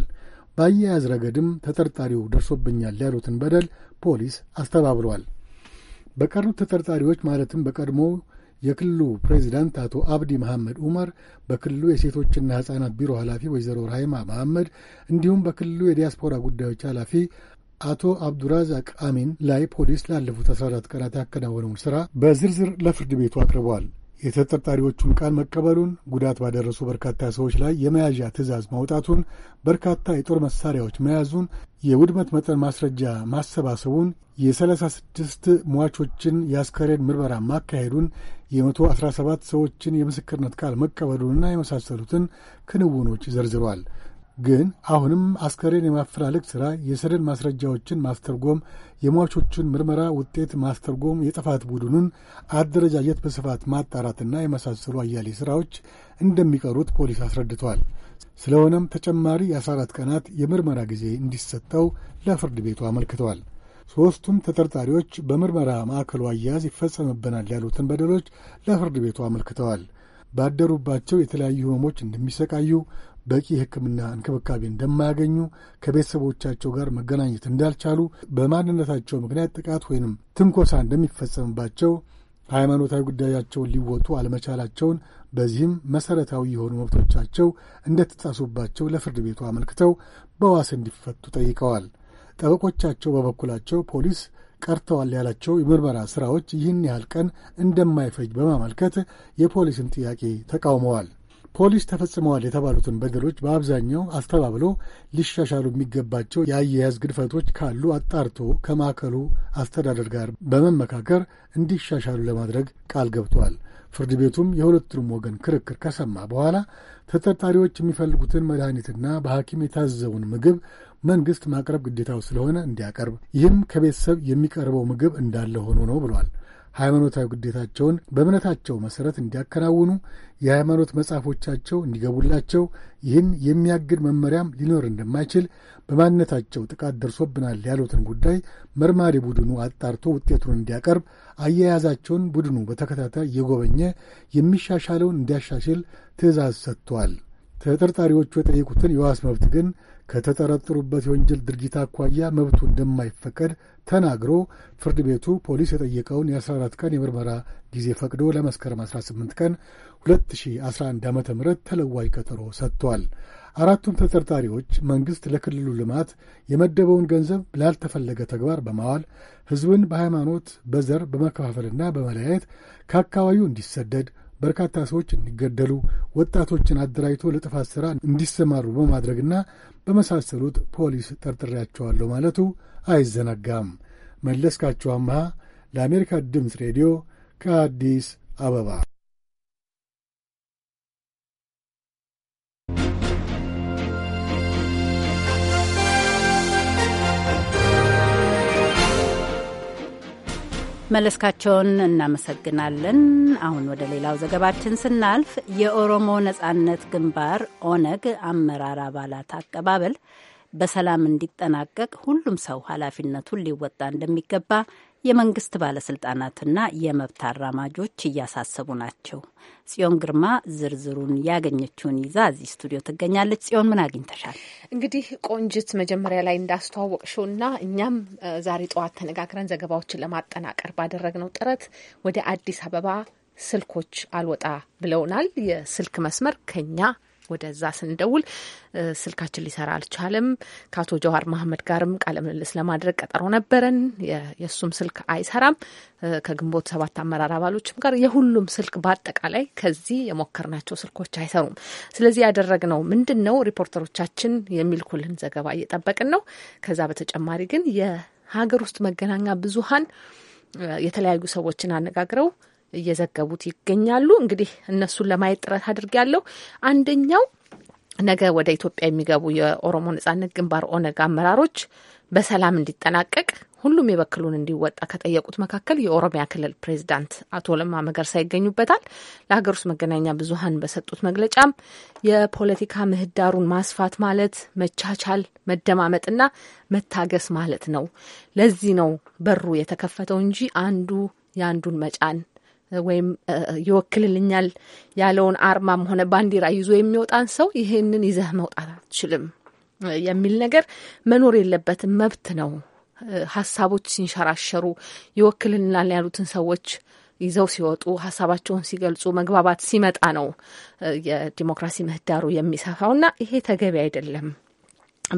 በአያያዝ ረገድም ተጠርጣሪው ደርሶብኛል ያሉትን በደል ፖሊስ አስተባብሏል። በቀሩት ተጠርጣሪዎች ማለትም በቀድሞ የክልሉ ፕሬዚዳንት አቶ አብዲ መሐመድ ዑመር፣ በክልሉ የሴቶችና ሕፃናት ቢሮ ኃላፊ ወይዘሮ ራይማ መሐመድ እንዲሁም በክልሉ የዲያስፖራ ጉዳዮች ኃላፊ አቶ አብዱራዛቅ አሚን ላይ ፖሊስ ላለፉት 14 ቀናት ያከናወነውን ሥራ በዝርዝር ለፍርድ ቤቱ አቅርበዋል። የተጠርጣሪዎቹን ቃል መቀበሉን፣ ጉዳት ባደረሱ በርካታ ሰዎች ላይ የመያዣ ትዕዛዝ ማውጣቱን፣ በርካታ የጦር መሳሪያዎች መያዙን፣ የውድመት መጠን ማስረጃ ማሰባሰቡን፣ የ ስድስት ሟቾችን የአስከሬን ምርመራ ማካሄዱን፣ የ የ117 ሰዎችን የምስክርነት ቃል መቀበሉንና የመሳሰሉትን ክንውኖች ዘርዝሯል። ግን አሁንም አስከሬን የማፈላለግ ሥራ፣ የሰደን ማስረጃዎችን ማስተርጎም፣ የሟቾቹን ምርመራ ውጤት ማስተርጎም፣ የጥፋት ቡድኑን አደረጃጀት በስፋት ማጣራትና የመሳሰሉ አያሌ ሥራዎች እንደሚቀሩት ፖሊስ አስረድቷል። ስለሆነም ተጨማሪ የ14 ቀናት የምርመራ ጊዜ እንዲሰጠው ለፍርድ ቤቱ አመልክተዋል። ሦስቱም ተጠርጣሪዎች በምርመራ ማዕከሉ አያያዝ ይፈጸምብናል ያሉትን በደሎች ለፍርድ ቤቱ አመልክተዋል። ባደሩባቸው የተለያዩ ህመሞች እንደሚሰቃዩ በቂ ህክምና እንክብካቤ እንደማያገኙ፣ ከቤተሰቦቻቸው ጋር መገናኘት እንዳልቻሉ፣ በማንነታቸው ምክንያት ጥቃት ወይንም ትንኮሳ እንደሚፈጸምባቸው፣ ሃይማኖታዊ ጉዳያቸውን ሊወጡ አለመቻላቸውን በዚህም መሠረታዊ የሆኑ መብቶቻቸው እንደተጣሱባቸው ለፍርድ ቤቱ አመልክተው በዋስ እንዲፈቱ ጠይቀዋል። ጠበቆቻቸው በበኩላቸው ፖሊስ ቀርተዋል ያላቸው የምርመራ ሥራዎች ይህን ያህል ቀን እንደማይፈጅ በማመልከት የፖሊስን ጥያቄ ተቃውመዋል። ፖሊስ ተፈጽመዋል የተባሉትን በደሎች በአብዛኛው አስተባብሎ ሊሻሻሉ የሚገባቸው የአያያዝ ግድፈቶች ካሉ አጣርቶ ከማዕከሉ አስተዳደር ጋር በመመካከር እንዲሻሻሉ ለማድረግ ቃል ገብቷል። ፍርድ ቤቱም የሁለቱንም ወገን ክርክር ከሰማ በኋላ ተጠርጣሪዎች የሚፈልጉትን መድኃኒትና በሐኪም የታዘውን ምግብ መንግሥት ማቅረብ ግዴታው ስለሆነ እንዲያቀርብ፣ ይህም ከቤተሰብ የሚቀርበው ምግብ እንዳለ ሆኖ ነው ብሏል። ሃይማኖታዊ ግዴታቸውን በእምነታቸው መሠረት እንዲያከናውኑ የሃይማኖት መጽሐፎቻቸው እንዲገቡላቸው ይህን የሚያግድ መመሪያም ሊኖር እንደማይችል በማንነታቸው ጥቃት ደርሶብናል ያሉትን ጉዳይ መርማሪ ቡድኑ አጣርቶ ውጤቱን እንዲያቀርብ አያያዛቸውን ቡድኑ በተከታታይ እየጎበኘ የሚሻሻለውን እንዲያሻሽል ትዕዛዝ ሰጥቷል። ተጠርጣሪዎቹ የጠየቁትን የዋስ መብት ግን ከተጠረጠሩበት የወንጀል ድርጊት አኳያ መብቱ እንደማይፈቀድ ተናግሮ ፍርድ ቤቱ ፖሊስ የጠየቀውን የ14 ቀን የምርመራ ጊዜ ፈቅዶ ለመስከረም 18 ቀን 2011 ዓ ም ተለዋጭ ቀጠሮ ሰጥቷል። አራቱም ተጠርጣሪዎች መንግሥት ለክልሉ ልማት የመደበውን ገንዘብ ላልተፈለገ ተግባር በማዋል ሕዝብን በሃይማኖት፣ በዘር በመከፋፈልና በመለያየት ከአካባቢው እንዲሰደድ በርካታ ሰዎች እንዲገደሉ፣ ወጣቶችን አደራጅቶ ለጥፋት ሥራ እንዲሰማሩ በማድረግና በመሳሰሉት ፖሊስ ጠርጥሬያቸዋለሁ ማለቱ አይዘነጋም። መለስካቸው አምሃ ለአሜሪካ ድምፅ ሬዲዮ ከአዲስ አበባ መለስካቸውን እናመሰግናለን። አሁን ወደ ሌላው ዘገባችን ስናልፍ የኦሮሞ ነጻነት ግንባር ኦነግ አመራር አባላት አቀባበል በሰላም እንዲጠናቀቅ ሁሉም ሰው ኃላፊነቱን ሊወጣ እንደሚገባ የመንግስት ባለስልጣናትና የመብት አራማጆች እያሳሰቡ ናቸው። ጽዮን ግርማ ዝርዝሩን ያገኘችውን ይዛ እዚህ ስቱዲዮ ትገኛለች። ጽዮን ምን አግኝተሻል? እንግዲህ ቆንጅት፣ መጀመሪያ ላይ እንዳስተዋወቅሽውና እኛም ዛሬ ጠዋት ተነጋግረን ዘገባዎችን ለማጠናቀር ባደረግነው ጥረት ወደ አዲስ አበባ ስልኮች አልወጣ ብለውናል። የስልክ መስመር ከኛ ወደዛ ስንደውል ስልካችን ሊሰራ አልቻለም። ከአቶ ጀዋር መሀመድ ጋርም ቃለ ምልልስ ለማድረግ ቀጠሮ ነበረን። የእሱም ስልክ አይሰራም። ከግንቦት ሰባት አመራር አባሎችም ጋር የሁሉም ስልክ በአጠቃላይ ከዚህ የሞከርናቸው ስልኮች አይሰሩም። ስለዚህ ያደረግነው ምንድን ነው? ሪፖርተሮቻችን የሚልኩልን ዘገባ እየጠበቅን ነው። ከዛ በተጨማሪ ግን የሀገር ውስጥ መገናኛ ብዙሀን የተለያዩ ሰዎችን አነጋግረው እየዘገቡት ይገኛሉ። እንግዲህ እነሱን ለማየት ጥረት አድርጊያለሁ። አንደኛው ነገ ወደ ኢትዮጵያ የሚገቡ የኦሮሞ ነጻነት ግንባር ኦነግ አመራሮች በሰላም እንዲጠናቀቅ ሁሉም የበክሉን እንዲወጣ ከጠየቁት መካከል የኦሮሚያ ክልል ፕሬዚዳንት አቶ ለማ መገርሳ ይገኙበታል። ለሀገር ውስጥ መገናኛ ብዙኃን በሰጡት መግለጫም የፖለቲካ ምህዳሩን ማስፋት ማለት መቻቻል፣ መደማመጥና መታገስ ማለት ነው። ለዚህ ነው በሩ የተከፈተው እንጂ አንዱ የአንዱን መጫን ወይም ይወክልልኛል ያለውን አርማም ሆነ ባንዲራ ይዞ የሚወጣን ሰው ይህንን ይዘህ መውጣት አትችልም የሚል ነገር መኖር የለበትም። መብት ነው። ሀሳቦች ሲንሸራሸሩ ይወክልልናል ያሉትን ሰዎች ይዘው ሲወጡ ሀሳባቸውን ሲገልጹ መግባባት ሲመጣ ነው የዲሞክራሲ ምህዳሩ የሚሰፋው እና ይሄ ተገቢ አይደለም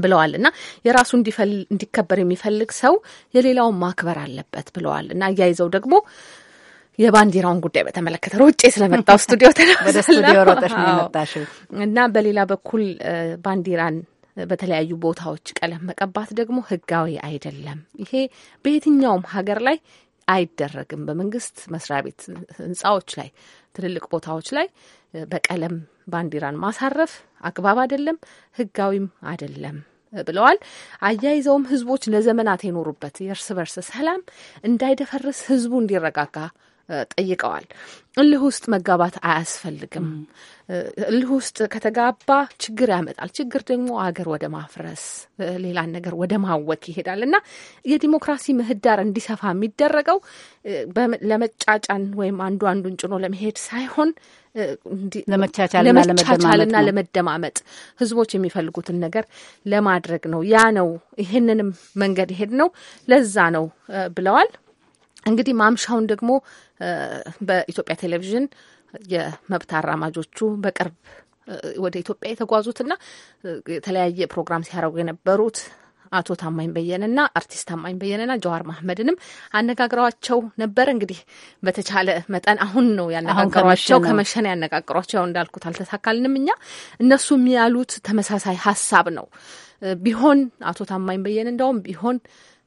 ብለዋል እና የራሱ እንዲከበር የሚፈልግ ሰው የሌላውን ማክበር አለበት ብለዋል እና አያይዘው ደግሞ የባንዲራውን ጉዳይ በተመለከተ ሮጬ ስለመጣው ስቱዲዮ እና በሌላ በኩል ባንዲራን በተለያዩ ቦታዎች ቀለም መቀባት ደግሞ ህጋዊ አይደለም። ይሄ በየትኛውም ሀገር ላይ አይደረግም። በመንግስት መስሪያ ቤት ህንጻዎች ላይ፣ ትልልቅ ቦታዎች ላይ በቀለም ባንዲራን ማሳረፍ አግባብ አይደለም፣ ህጋዊም አይደለም ብለዋል። አያይዘውም ህዝቦች ለዘመናት የኖሩበት የእርስ በርስ ሰላም እንዳይደፈርስ ህዝቡ እንዲረጋጋ ጠይቀዋል። እልህ ውስጥ መጋባት አያስፈልግም። እልህ ውስጥ ከተጋባ ችግር ያመጣል። ችግር ደግሞ አገር ወደ ማፍረስ፣ ሌላን ነገር ወደ ማወክ ይሄዳል እና የዲሞክራሲ ምህዳር እንዲሰፋ የሚደረገው ለመጫጫን ወይም አንዱ አንዱን ጭኖ ለመሄድ ሳይሆን ለመቻቻልና ለመደማመጥ ህዝቦች የሚፈልጉትን ነገር ለማድረግ ነው። ያ ነው። ይህንንም መንገድ ይሄድ ነው። ለዛ ነው ብለዋል። እንግዲህ ማምሻውን ደግሞ በኢትዮጵያ ቴሌቪዥን የመብት አራማጆቹ በቅርብ ወደ ኢትዮጵያ የተጓዙትና የተለያየ ፕሮግራም ሲያደርጉ የነበሩት አቶ ታማኝ በየነና አርቲስት ታማኝ በየነና ጀዋር ማህመድንም አነጋግረዋቸው ነበር። እንግዲህ በተቻለ መጠን አሁን ነው ያነጋግሯቸው፣ ከመሸን ያነጋግሯቸው። ያው እንዳልኩት አልተሳካልንም። እኛ እነሱም ያሉት ተመሳሳይ ሀሳብ ነው። ቢሆን አቶ ታማኝ በየነ እንደውም ቢሆን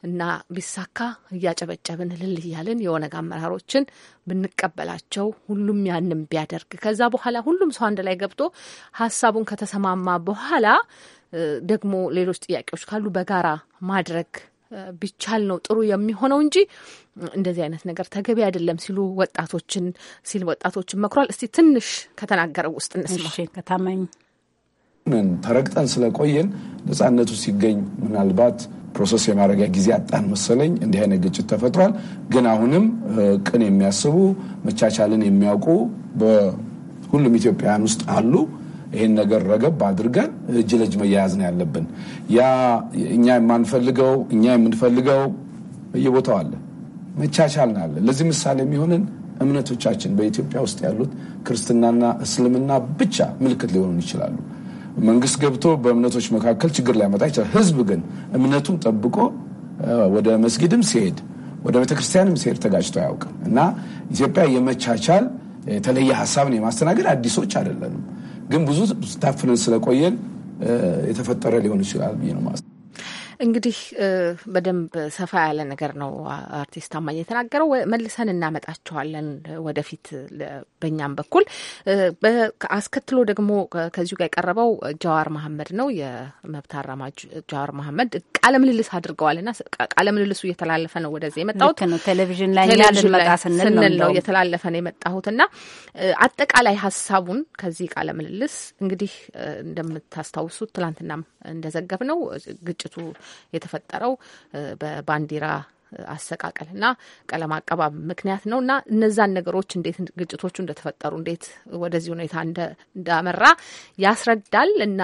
እና ቢሳካ እያጨበጨብን እልል እያልን የኦነግ አመራሮችን ብንቀበላቸው ሁሉም ያንም ቢያደርግ ከዛ በኋላ ሁሉም ሰው አንድ ላይ ገብቶ ሀሳቡን ከተሰማማ በኋላ ደግሞ ሌሎች ጥያቄዎች ካሉ በጋራ ማድረግ ቢቻል ነው ጥሩ የሚሆነው እንጂ እንደዚህ አይነት ነገር ተገቢ አይደለም ሲሉ ወጣቶችን ሲል ወጣቶችን መክሯል። እስቲ ትንሽ ከተናገረው ውስጥ እንስማ። ከታማኝ ተረግጠን ስለቆየን ነጻነቱ ሲገኝ ምናልባት ፕሮሰስ የማድረጊያ ጊዜ አጣን መሰለኝ። እንዲህ አይነት ግጭት ተፈጥሯል። ግን አሁንም ቅን የሚያስቡ መቻቻልን የሚያውቁ በሁሉም ኢትዮጵያውያን ውስጥ አሉ። ይህን ነገር ረገብ አድርገን እጅ ለእጅ መያያዝ ነው ያለብን። ያ እኛ የማንፈልገው እኛ የምንፈልገው በየቦታው አለ፣ መቻቻል ነው ያለ። ለዚህ ምሳሌ የሚሆንን እምነቶቻችን በኢትዮጵያ ውስጥ ያሉት ክርስትናና እስልምና ብቻ ምልክት ሊሆኑን ይችላሉ። መንግስት ገብቶ በእምነቶች መካከል ችግር ሊያመጣ ይችላል። ህዝብ ግን እምነቱን ጠብቆ ወደ መስጊድም ሲሄድ ወደ ቤተክርስቲያንም ሲሄድ ተጋጭቶ አያውቅም እና ኢትዮጵያ የመቻቻል የተለየ ሀሳብን የማስተናገድ አዲሶች አይደለንም። ግን ብዙ ታፍነን ስለቆየን የተፈጠረ ሊሆን ይችላል ብዬ ነው። እንግዲህ በደንብ ሰፋ ያለ ነገር ነው አርቲስት ታማኝ የተናገረው። መልሰን እናመጣቸዋለን ወደፊት በእኛም በኩል። አስከትሎ ደግሞ ከዚሁ ጋር የቀረበው ጃዋር መሀመድ ነው። የመብት አራማጅ ጃዋር መሀመድ ቃለ ምልልስ አድርገዋል እና ቃለ ምልልሱ እየተላለፈ ነው ወደዚህ የመጣሁት ቴሌቪዥን ላይ ስንል ነው እየተላለፈ ነው የመጣሁት እና አጠቃላይ ሀሳቡን ከዚህ ቃለ ምልልስ እንግዲህ እንደምታስታውሱት ትላንትናም እንደዘገብ ነው ግጭቱ የተፈጠረው በባንዲራ አሰቃቀል እና ቀለም አቀባብ ምክንያት ነው እና እነዛን ነገሮች እንዴት ግጭቶቹ እንደተፈጠሩ እንዴት ወደዚህ ሁኔታ እንዳመራ ያስረዳል እና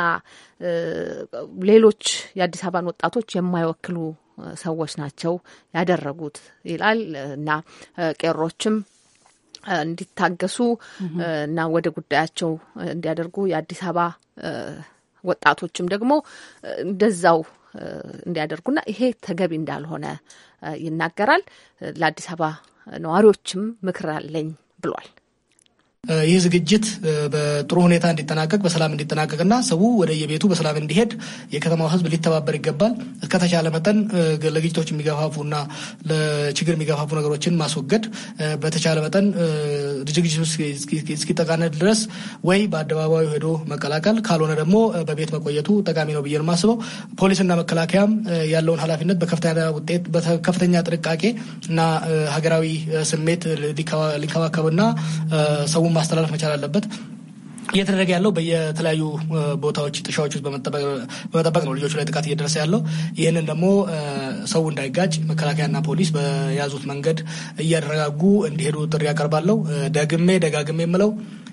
ሌሎች የአዲስ አበባን ወጣቶች የማይወክሉ ሰዎች ናቸው ያደረጉት ይላል እና ቄሮችም እንዲታገሱ እና ወደ ጉዳያቸው እንዲያደርጉ የአዲስ አበባ ወጣቶችም ደግሞ እንደዛው እንዲያደርጉና ይሄ ተገቢ እንዳልሆነ ይናገራል። ለአዲስ አበባ ነዋሪዎችም ምክር አለኝ ብሏል። ይህ ዝግጅት በጥሩ ሁኔታ እንዲጠናቀቅ በሰላም እንዲጠናቀቅና ሰው ወደ የቤቱ በሰላም እንዲሄድ የከተማው ሕዝብ ሊተባበር ይገባል። እስከተቻለ መጠን ለግጭቶች የሚገፋፉና ለችግር የሚገፋፉ ነገሮችን ማስወገድ በተቻለ መጠን ዝግጅቱ እስኪጠቃነት ድረስ ወይ በአደባባዩ ሄዶ መቀላቀል፣ ካልሆነ ደግሞ በቤት መቆየቱ ጠቃሚ ነው ብዬ ነው የማስበው። ፖሊስና መከላከያም ያለውን ኃላፊነት በከፍተኛ ውጤት በከፍተኛ ጥንቃቄ እና ሀገራዊ ስሜት ሊንከባከብና ሰው ማስተላለፍ መቻል አለበት። እየተደረገ ያለው በየተለያዩ ቦታዎች ጥሻዎች ውስጥ በመጠበቅ ነው ልጆቹ ላይ ጥቃት እየደረሰ ያለው። ይህንን ደግሞ ሰው እንዳይጋጭ መከላከያና ፖሊስ በያዙት መንገድ እያደረጋጉ እንዲሄዱ ጥሪ ያቀርባለሁ። ደግሜ ደጋግሜ የምለው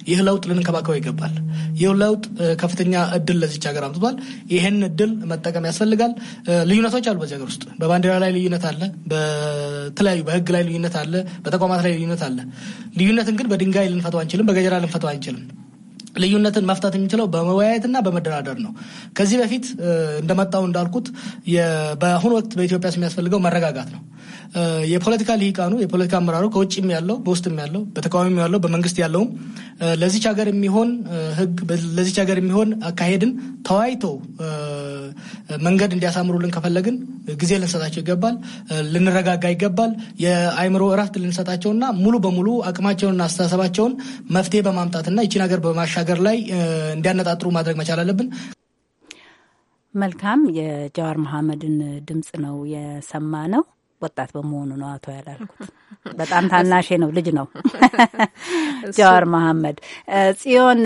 ይህ ለውጥ ልንከባከበው ይገባል። ይህ ለውጥ ከፍተኛ እድል ለዚች ሀገር አምጥቷል። ይህን እድል መጠቀም ያስፈልጋል። ልዩነቶች አሉ በዚህ ሀገር ውስጥ በባንዲራ ላይ ልዩነት አለ፣ በተለያዩ በህግ ላይ ልዩነት አለ፣ በተቋማት ላይ ልዩነት አለ። ልዩነትን ግን በድንጋይ ልንፈተው አንችልም፣ በገጀራ ልንፈተው አንችልም። ልዩነትን መፍታት የሚችለው በመወያየትና በመደራደር ነው። ከዚህ በፊት እንደመጣው እንዳልኩት በአሁኑ ወቅት በኢትዮጵያ የሚያስፈልገው መረጋጋት ነው። የፖለቲካ ልሂቃኑ የፖለቲካ አመራሩ ከውጭም ያለው በውስጥም ያለው በተቃዋሚም ያለው በመንግስት ያለውም ለዚች ሀገር የሚሆን ህግ ለዚች ሀገር የሚሆን አካሄድን ተዋይቶ መንገድ እንዲያሳምሩልን ከፈለግን ጊዜ ልንሰጣቸው ይገባል። ልንረጋጋ ይገባል። የአይምሮ እረፍት ልንሰጣቸውና ሙሉ በሙሉ አቅማቸውንና አስተሳሰባቸውን መፍትሄ በማምጣትና ይችን ሀገር በማሻ ሀገር ላይ እንዲያነጣጥሩ ማድረግ መቻል አለብን። መልካም። የጀዋር መሐመድን ድምጽ ነው የሰማ ነው። ወጣት በመሆኑ ነው አቶ ያላልኩት። በጣም ታናሼ ነው፣ ልጅ ነው ጀዋር መሐመድ ጽዮን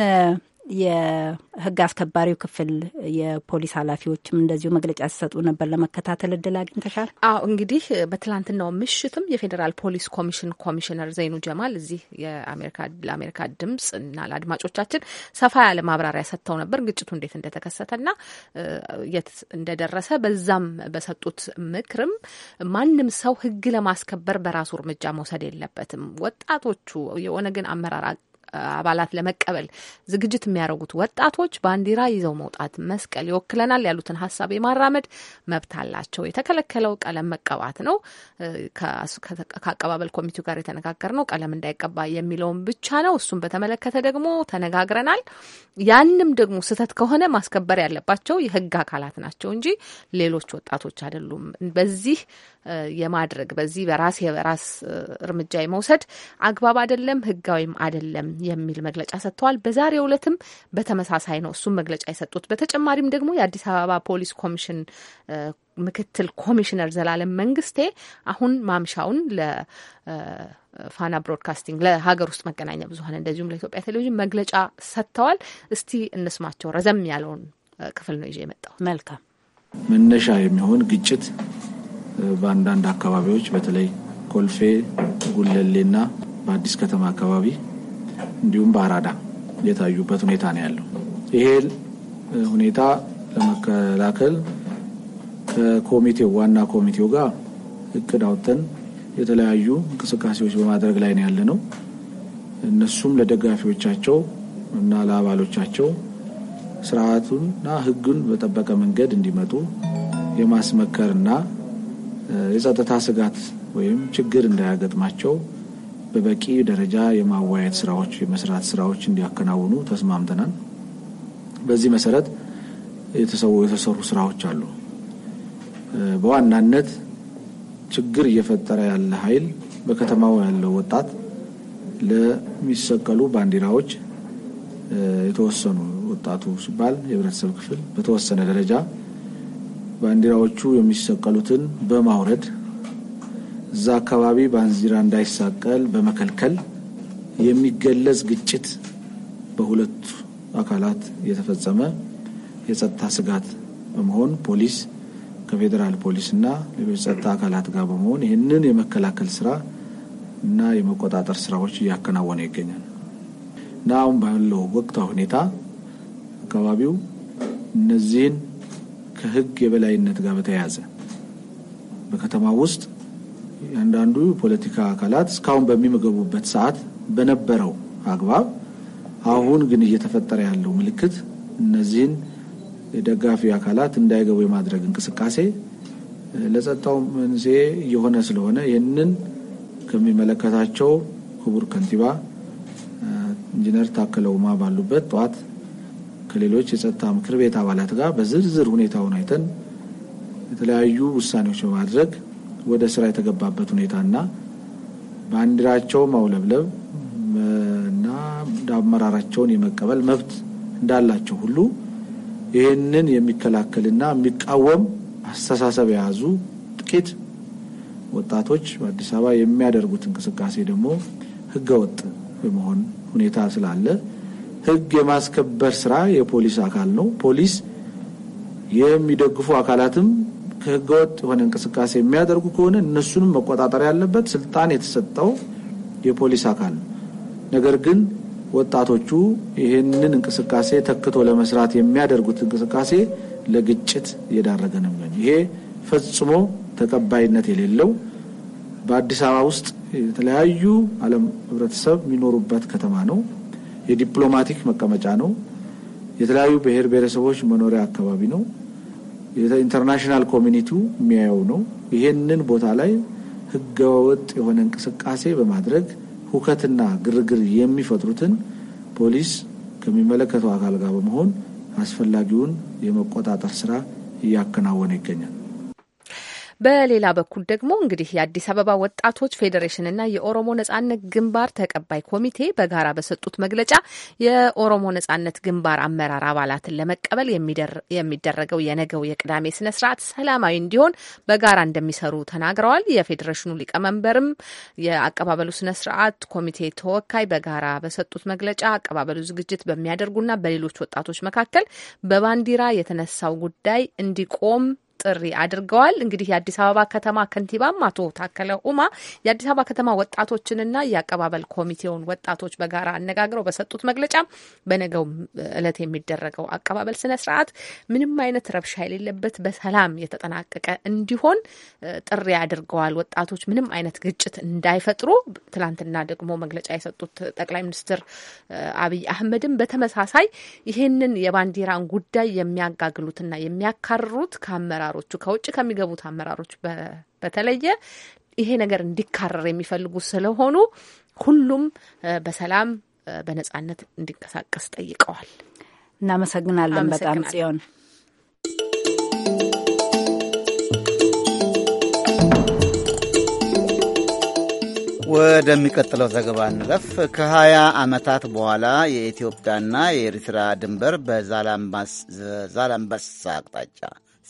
የህግ አስከባሪው ክፍል የፖሊስ ኃላፊዎችም እንደዚሁ መግለጫ ሲሰጡ ነበር። ለመከታተል እድል አግኝተሻል? አዎ እንግዲህ በትላንትናው ምሽትም የፌዴራል ፖሊስ ኮሚሽን ኮሚሽነር ዘይኑ ጀማል እዚህ ለአሜሪካ ድምጽ እና ለአድማጮቻችን ሰፋ ያለ ማብራሪያ ሰጥተው ነበር ግጭቱ እንዴት እንደተከሰተና የት እንደደረሰ። በዛም በሰጡት ምክርም ማንም ሰው ህግ ለማስከበር በራሱ እርምጃ መውሰድ የለበትም። ወጣቶቹ የኦነግን አመራር አባላት ለመቀበል ዝግጅት የሚያደርጉት ወጣቶች ባንዲራ ይዘው መውጣት መስቀል ይወክለናል ያሉትን ሀሳብ የማራመድ መብት አላቸው። የተከለከለው ቀለም መቀባት ነው። ከአቀባበል ኮሚቴው ጋር የተነጋገርነው ቀለም እንዳይቀባ የሚለውን ብቻ ነው። እሱን በተመለከተ ደግሞ ተነጋግረናል። ያንም ደግሞ ስህተት ከሆነ ማስከበር ያለባቸው የህግ አካላት ናቸው እንጂ ሌሎች ወጣቶች አይደሉም። በዚህ የማድረግ በዚህ በራስ የራስ እርምጃ የመውሰድ አግባብ አይደለም፣ ህጋዊም አይደለም የሚል መግለጫ ሰጥተዋል። በዛሬው ዕለትም በተመሳሳይ ነው እሱም መግለጫ የሰጡት። በተጨማሪም ደግሞ የአዲስ አበባ ፖሊስ ኮሚሽን ምክትል ኮሚሽነር ዘላለም መንግስቴ አሁን ማምሻውን ለፋና ብሮድካስቲንግ ለሀገር ውስጥ መገናኛ ብዙኃን እንደዚሁም ለኢትዮጵያ ቴሌቪዥን መግለጫ ሰጥተዋል። እስቲ እንስማቸው። ረዘም ያለውን ክፍል ነው ይዤ የመጣው። መልካም መነሻ የሚሆን ግጭት በአንዳንድ አካባቢዎች በተለይ ኮልፌ፣ እና በአዲስ ከተማ አካባቢ እንዲሁም በአራዳ የታዩበት ሁኔታ ነው ያለው። ይሄ ሁኔታ ለመከላከል ከኮሚቴው ዋና ኮሚቴው ጋር እቅድ አውጥተን የተለያዩ እንቅስቃሴዎች በማድረግ ላይ ነው ያለ ነው። እነሱም ለደጋፊዎቻቸው እና ለአባሎቻቸው ስርዓቱንና ሕጉን በጠበቀ መንገድ እንዲመጡ የማስመከርና የጸጥታ ስጋት ወይም ችግር እንዳያገጥማቸው በበቂ ደረጃ የማዋየት ስራዎች የመስራት ስራዎች እንዲያከናውኑ ተስማምተናል። በዚህ መሰረት የተሰሩ ስራዎች አሉ። በዋናነት ችግር እየፈጠረ ያለ ኃይል በከተማው ያለው ወጣት ለሚሰቀሉ ባንዲራዎች የተወሰኑ ወጣቱ ሲባል የህብረተሰብ ክፍል በተወሰነ ደረጃ ባንዲራዎቹ የሚሰቀሉትን በማውረድ እዛ አካባቢ ባንዚራ እንዳይሳቀል በመከልከል የሚገለጽ ግጭት በሁለቱ አካላት የተፈጸመ የጸጥታ ስጋት በመሆን ፖሊስ ከፌዴራል ፖሊስ እና ሌሎች ጸጥታ አካላት ጋር በመሆን ይህንን የመከላከል ስራ እና የመቆጣጠር ስራዎች እያከናወነ ይገኛል እና አሁን ባለው ወቅታዊ ሁኔታ አካባቢው እነዚህን ከህግ የበላይነት ጋር በተያያዘ በከተማ ውስጥ አንዳንዱ የፖለቲካ አካላት እስካሁን በሚመገቡበት ሰዓት በነበረው አግባብ አሁን ግን እየተፈጠረ ያለው ምልክት እነዚህን ደጋፊ አካላት እንዳይገቡ የማድረግ እንቅስቃሴ ለጸጥታው መንስኤ እየሆነ ስለሆነ ይህንን ከሚመለከታቸው ክቡር ከንቲባ ኢንጂነር ታከለ ኡማ ባሉበት ጠዋት ከሌሎች የጸጥታ ምክር ቤት አባላት ጋር በዝርዝር ሁኔታውን አይተን የተለያዩ ውሳኔዎች በማድረግ ወደ ስራ የተገባበት ሁኔታና ባንዲራቸው ማውለብለብ እና አመራራቸውን የመቀበል መብት እንዳላቸው ሁሉ ይህንን የሚከላከልና የሚቃወም አስተሳሰብ የያዙ ጥቂት ወጣቶች በአዲስ አበባ የሚያደርጉት እንቅስቃሴ ደግሞ ህገወጥ በመሆን ሁኔታ ስላለ ህግ የማስከበር ስራ የፖሊስ አካል ነው። ፖሊስ የሚደግፉ አካላትም ከህገወጥ የሆነ እንቅስቃሴ የሚያደርጉ ከሆነ እነሱንም መቆጣጠር ያለበት ስልጣን የተሰጠው የፖሊስ አካል ነው። ነገር ግን ወጣቶቹ ይህንን እንቅስቃሴ ተክቶ ለመስራት የሚያደርጉት እንቅስቃሴ ለግጭት እየዳረገ ነው። ይሄ ፈጽሞ ተቀባይነት የሌለው በአዲስ አበባ ውስጥ የተለያዩ ዓለም ህብረተሰብ የሚኖሩበት ከተማ ነው። የዲፕሎማቲክ መቀመጫ ነው። የተለያዩ ብሔር ብሔረሰቦች መኖሪያ አካባቢ ነው። ኢንተርናሽናል ኮሚኒቲው የሚያየው ነው። ይሄንን ቦታ ላይ ህገወጥ የሆነ እንቅስቃሴ በማድረግ ሁከትና ግርግር የሚፈጥሩትን ፖሊስ ከሚመለከተው አካል ጋር በመሆን አስፈላጊውን የመቆጣጠር ስራ እያከናወነ ይገኛል። በሌላ በኩል ደግሞ እንግዲህ የአዲስ አበባ ወጣቶች ፌዴሬሽንና የኦሮሞ ነጻነት ግንባር ተቀባይ ኮሚቴ በጋራ በሰጡት መግለጫ የኦሮሞ ነጻነት ግንባር አመራር አባላትን ለመቀበል የሚደረገው የነገው የቅዳሜ ስነ ስርዓት ሰላማዊ እንዲሆን በጋራ እንደሚሰሩ ተናግረዋል። የፌዴሬሽኑ ሊቀመንበርም የአቀባበሉ ስነ ስርዓት ኮሚቴ ተወካይ በጋራ በሰጡት መግለጫ አቀባበሉ ዝግጅት በሚያደርጉና በሌሎች ወጣቶች መካከል በባንዲራ የተነሳው ጉዳይ እንዲቆም ጥሪ አድርገዋል። እንግዲህ የአዲስ አበባ ከተማ ከንቲባም አቶ ታከለ ኡማ የአዲስ አበባ ከተማ ወጣቶችንና የአቀባበል ኮሚቴውን ወጣቶች በጋራ አነጋግረው በሰጡት መግለጫ በነገው እለት የሚደረገው አቀባበል ስነ ስርዓት ምንም አይነት ረብሻ የሌለበት በሰላም የተጠናቀቀ እንዲሆን ጥሪ አድርገዋል። ወጣቶች ምንም አይነት ግጭት እንዳይፈጥሩ ትላንትና ደግሞ መግለጫ የሰጡት ጠቅላይ ሚኒስትር አብይ አህመድም በተመሳሳይ ይህንን የባንዲራን ጉዳይ የሚያጋግሉትና የሚያካርሩት ከአመራሩ አመራሮቹ ከውጭ ከሚገቡት አመራሮች በተለየ ይሄ ነገር እንዲካረር የሚፈልጉ ስለሆኑ ሁሉም በሰላም በነጻነት እንዲንቀሳቀስ ጠይቀዋል። እናመሰግናለን በጣም ጽዮን። ወደሚቀጥለው ዘገባ እንለፍ። ከ20 ዓመታት በኋላ የኢትዮጵያና የኤርትራ ድንበር በዛላምባሳ አቅጣጫ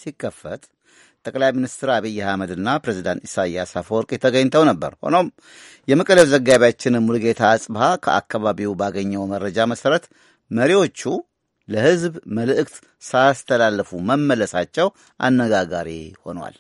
ሲከፈት ጠቅላይ ሚኒስትር አብይ አህመድና ፕሬዚዳንት ኢሳያስ አፈወርቅ ተገኝተው ነበር። ሆኖም የመቀሌው ዘጋቢያችን ሙልጌታ አጽብሃ ከአካባቢው ባገኘው መረጃ መሠረት መሪዎቹ ለሕዝብ መልእክት ሳያስተላለፉ መመለሳቸው አነጋጋሪ ሆኗል።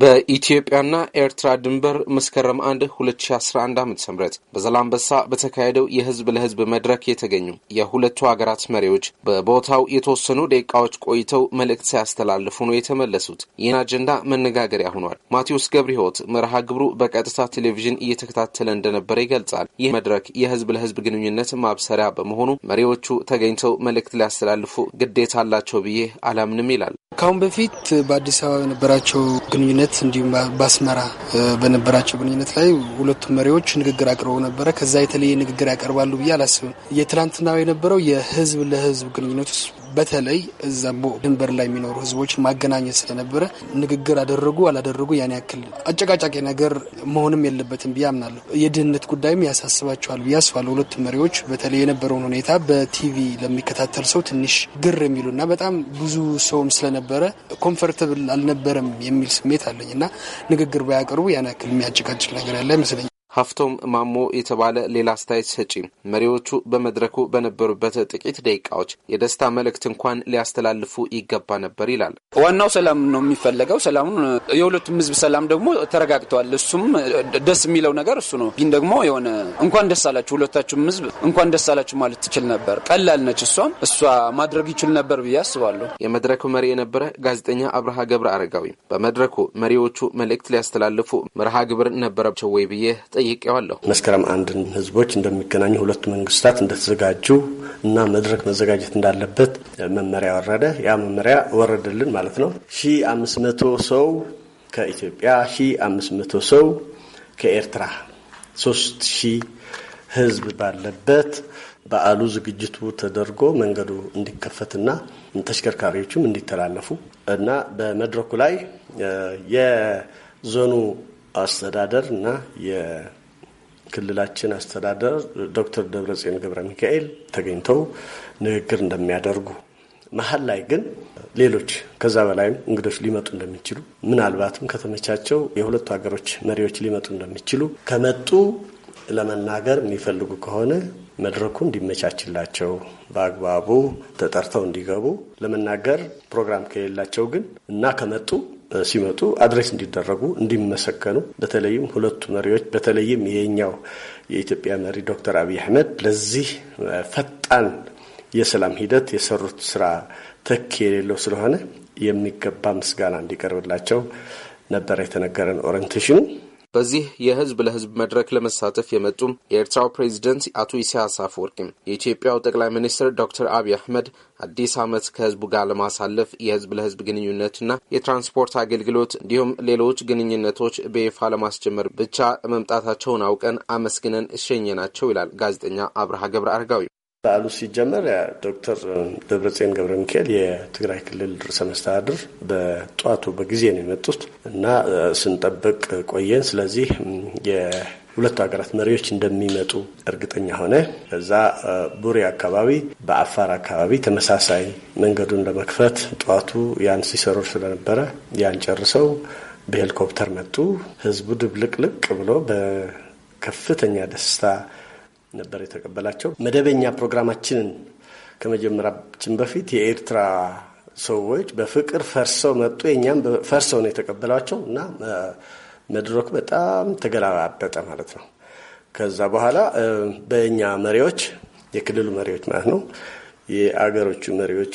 በኢትዮጵያና ኤርትራ ድንበር መስከረም 1 2011 ዓ ም በዘላንበሳ በተካሄደው የህዝብ ለህዝብ መድረክ የተገኙ የሁለቱ ሀገራት መሪዎች በቦታው የተወሰኑ ደቂቃዎች ቆይተው መልእክት ሲያስተላልፉ ነው የተመለሱት። ይህን አጀንዳ መነጋገሪያ ሆኗል። ማቴዎስ ገብረ ህይወት መርሃ ግብሩ በቀጥታ ቴሌቪዥን እየተከታተለ እንደነበረ ይገልጻል። ይህ መድረክ የህዝብ ለህዝብ ግንኙነት ማብሰሪያ በመሆኑ መሪዎቹ ተገኝተው መልእክት ሊያስተላልፉ ግዴታ አላቸው ብዬ አላምንም ይላል። ከአሁን በፊት በአዲስ አበባ በነበራቸው ግንኙነት እንዲሁም በአስመራ በነበራቸው ግንኙነት ላይ ሁለቱም መሪዎች ንግግር አቅርበው ነበረ። ከዛ የተለየ ንግግር ያቀርባሉ ብዬ አላስብም። የትናንትናው የነበረው የህዝብ ለህዝብ ግንኙነት ውስጥ በተለይ እዛም ድንበር ላይ የሚኖሩ ህዝቦችን ማገናኘት ስለነበረ ንግግር አደረጉ አላደረጉ ያን ያክል አጨቃጫቂ ነገር መሆንም የለበትም ብዬ አምናለሁ። የድህነት ጉዳይም ያሳስባቸዋል ብዬ አስባለሁ። መሪዎች በተለይ የነበረውን ሁኔታ በቲቪ ለሚከታተል ሰው ትንሽ ግር እና በጣም ብዙ ሰውም ስለነበረ ኮምፈርተብል አልነበረም የሚል ስሜት አለኝ እና ንግግር ባያቀርቡ ያን ያክል የሚያጨቃጭቅ ነገር ያለ አይመስለኝም። ሀፍቶም ማሞ የተባለ ሌላ አስተያየት ሰጪ መሪዎቹ በመድረኩ በነበሩበት ጥቂት ደቂቃዎች የደስታ መልእክት እንኳን ሊያስተላልፉ ይገባ ነበር ይላል። ዋናው ሰላም ነው የሚፈለገው። ሰላሙን የሁለቱም ህዝብ ሰላም ደግሞ ተረጋግተዋል። እሱም ደስ የሚለው ነገር እሱ ነው። ግን ደግሞ የሆነ እንኳን ደስ አላችሁ ሁለታችሁም ህዝብ እንኳን ደስ አላችሁ ማለት ትችል ነበር። ቀላል ነች እሷም፣ እሷ ማድረግ ይችል ነበር ብዬ አስባለሁ። የመድረኩ መሪ የነበረ ጋዜጠኛ አብርሃ ገብረ አረጋዊ በመድረኩ መሪዎቹ መልእክት ሊያስተላልፉ መርሃ ግብር ነበረቸው ወይ ብዬ ጠይቄዋለሁ። መስከረም አንድን ህዝቦች እንደሚገናኙ ሁለቱ መንግስታት እንደተዘጋጁ እና መድረክ መዘጋጀት እንዳለበት መመሪያ ወረደ። ያ መመሪያ ወረደልን ማለት ነው። ሺ አምስት መቶ ሰው ከኢትዮጵያ ሺ አምስት መቶ ሰው ከኤርትራ ሶስት ሺህ ህዝብ ባለበት በዓሉ ዝግጅቱ ተደርጎ መንገዱ እንዲከፈትና ተሽከርካሪዎችም እንዲተላለፉ እና በመድረኩ ላይ የዞኑ አስተዳደር እና የክልላችን አስተዳደር ዶክተር ደብረጽዮን ገብረ ሚካኤል ተገኝተው ንግግር እንደሚያደርጉ መሀል ላይ ግን ሌሎች ከዛ በላይም እንግዶች ሊመጡ እንደሚችሉ ምናልባትም ከተመቻቸው የሁለቱ ሀገሮች መሪዎች ሊመጡ እንደሚችሉ ከመጡ ለመናገር የሚፈልጉ ከሆነ መድረኩ እንዲመቻችላቸው በአግባቡ ተጠርተው እንዲገቡ ለመናገር ፕሮግራም ከሌላቸው ግን እና ከመጡ ሲመጡ አድሬስ እንዲደረጉ እንዲመሰገኑ፣ በተለይም ሁለቱ መሪዎች በተለይም የኛው የኢትዮጵያ መሪ ዶክተር አብይ አህመድ ለዚህ ፈጣን የሰላም ሂደት የሰሩት ስራ ተኪ የሌለው ስለሆነ የሚገባ ምስጋና እንዲቀርብላቸው ነበረ የተነገረን ኦሪንቴሽኑ በዚህ የህዝብ ለህዝብ መድረክ ለመሳተፍ የመጡም የኤርትራው ፕሬዚደንት አቶ ኢሳያስ አፈወርቂም የኢትዮጵያው ጠቅላይ ሚኒስትር ዶክተር አብይ አህመድ አዲስ ዓመት ከህዝቡ ጋር ለማሳለፍ የህዝብ ለህዝብ ግንኙነትና የትራንስፖርት አገልግሎት እንዲሁም ሌሎች ግንኙነቶች በይፋ ለማስጀመር ብቻ መምጣታቸውን አውቀን አመስግነን እሸኘ ናቸው ይላል ጋዜጠኛ አብርሃ ገብረ አርጋዊ። በዓሉ ሲጀመር ዶክተር ደብረጽዮን ገብረ ሚካኤል የትግራይ ክልል ርዕሰ መስተዳድር በጠዋቱ በጊዜ ነው የመጡት እና ስንጠብቅ ቆየን። ስለዚህ ሁለቱ ሀገራት መሪዎች እንደሚመጡ እርግጠኛ ሆነ። ከዛ ቡሬ አካባቢ፣ በአፋር አካባቢ ተመሳሳይ መንገዱን ለመክፈት ጠዋቱ ያን ሲሰሩ ስለነበረ ያን ጨርሰው በሄሊኮፕተር መጡ። ህዝቡ ድብልቅልቅ ብሎ በከፍተኛ ደስታ ነበር የተቀበላቸው። መደበኛ ፕሮግራማችንን ከመጀመራችን በፊት የኤርትራ ሰዎች በፍቅር ፈርሰው መጡ። የኛም ፈርሰው ነው የተቀበሏቸው እና መድረክ በጣም ተገላበጠ ማለት ነው። ከዛ በኋላ በእኛ መሪዎች፣ የክልሉ መሪዎች ማለት ነው፣ የአገሮቹ መሪዎች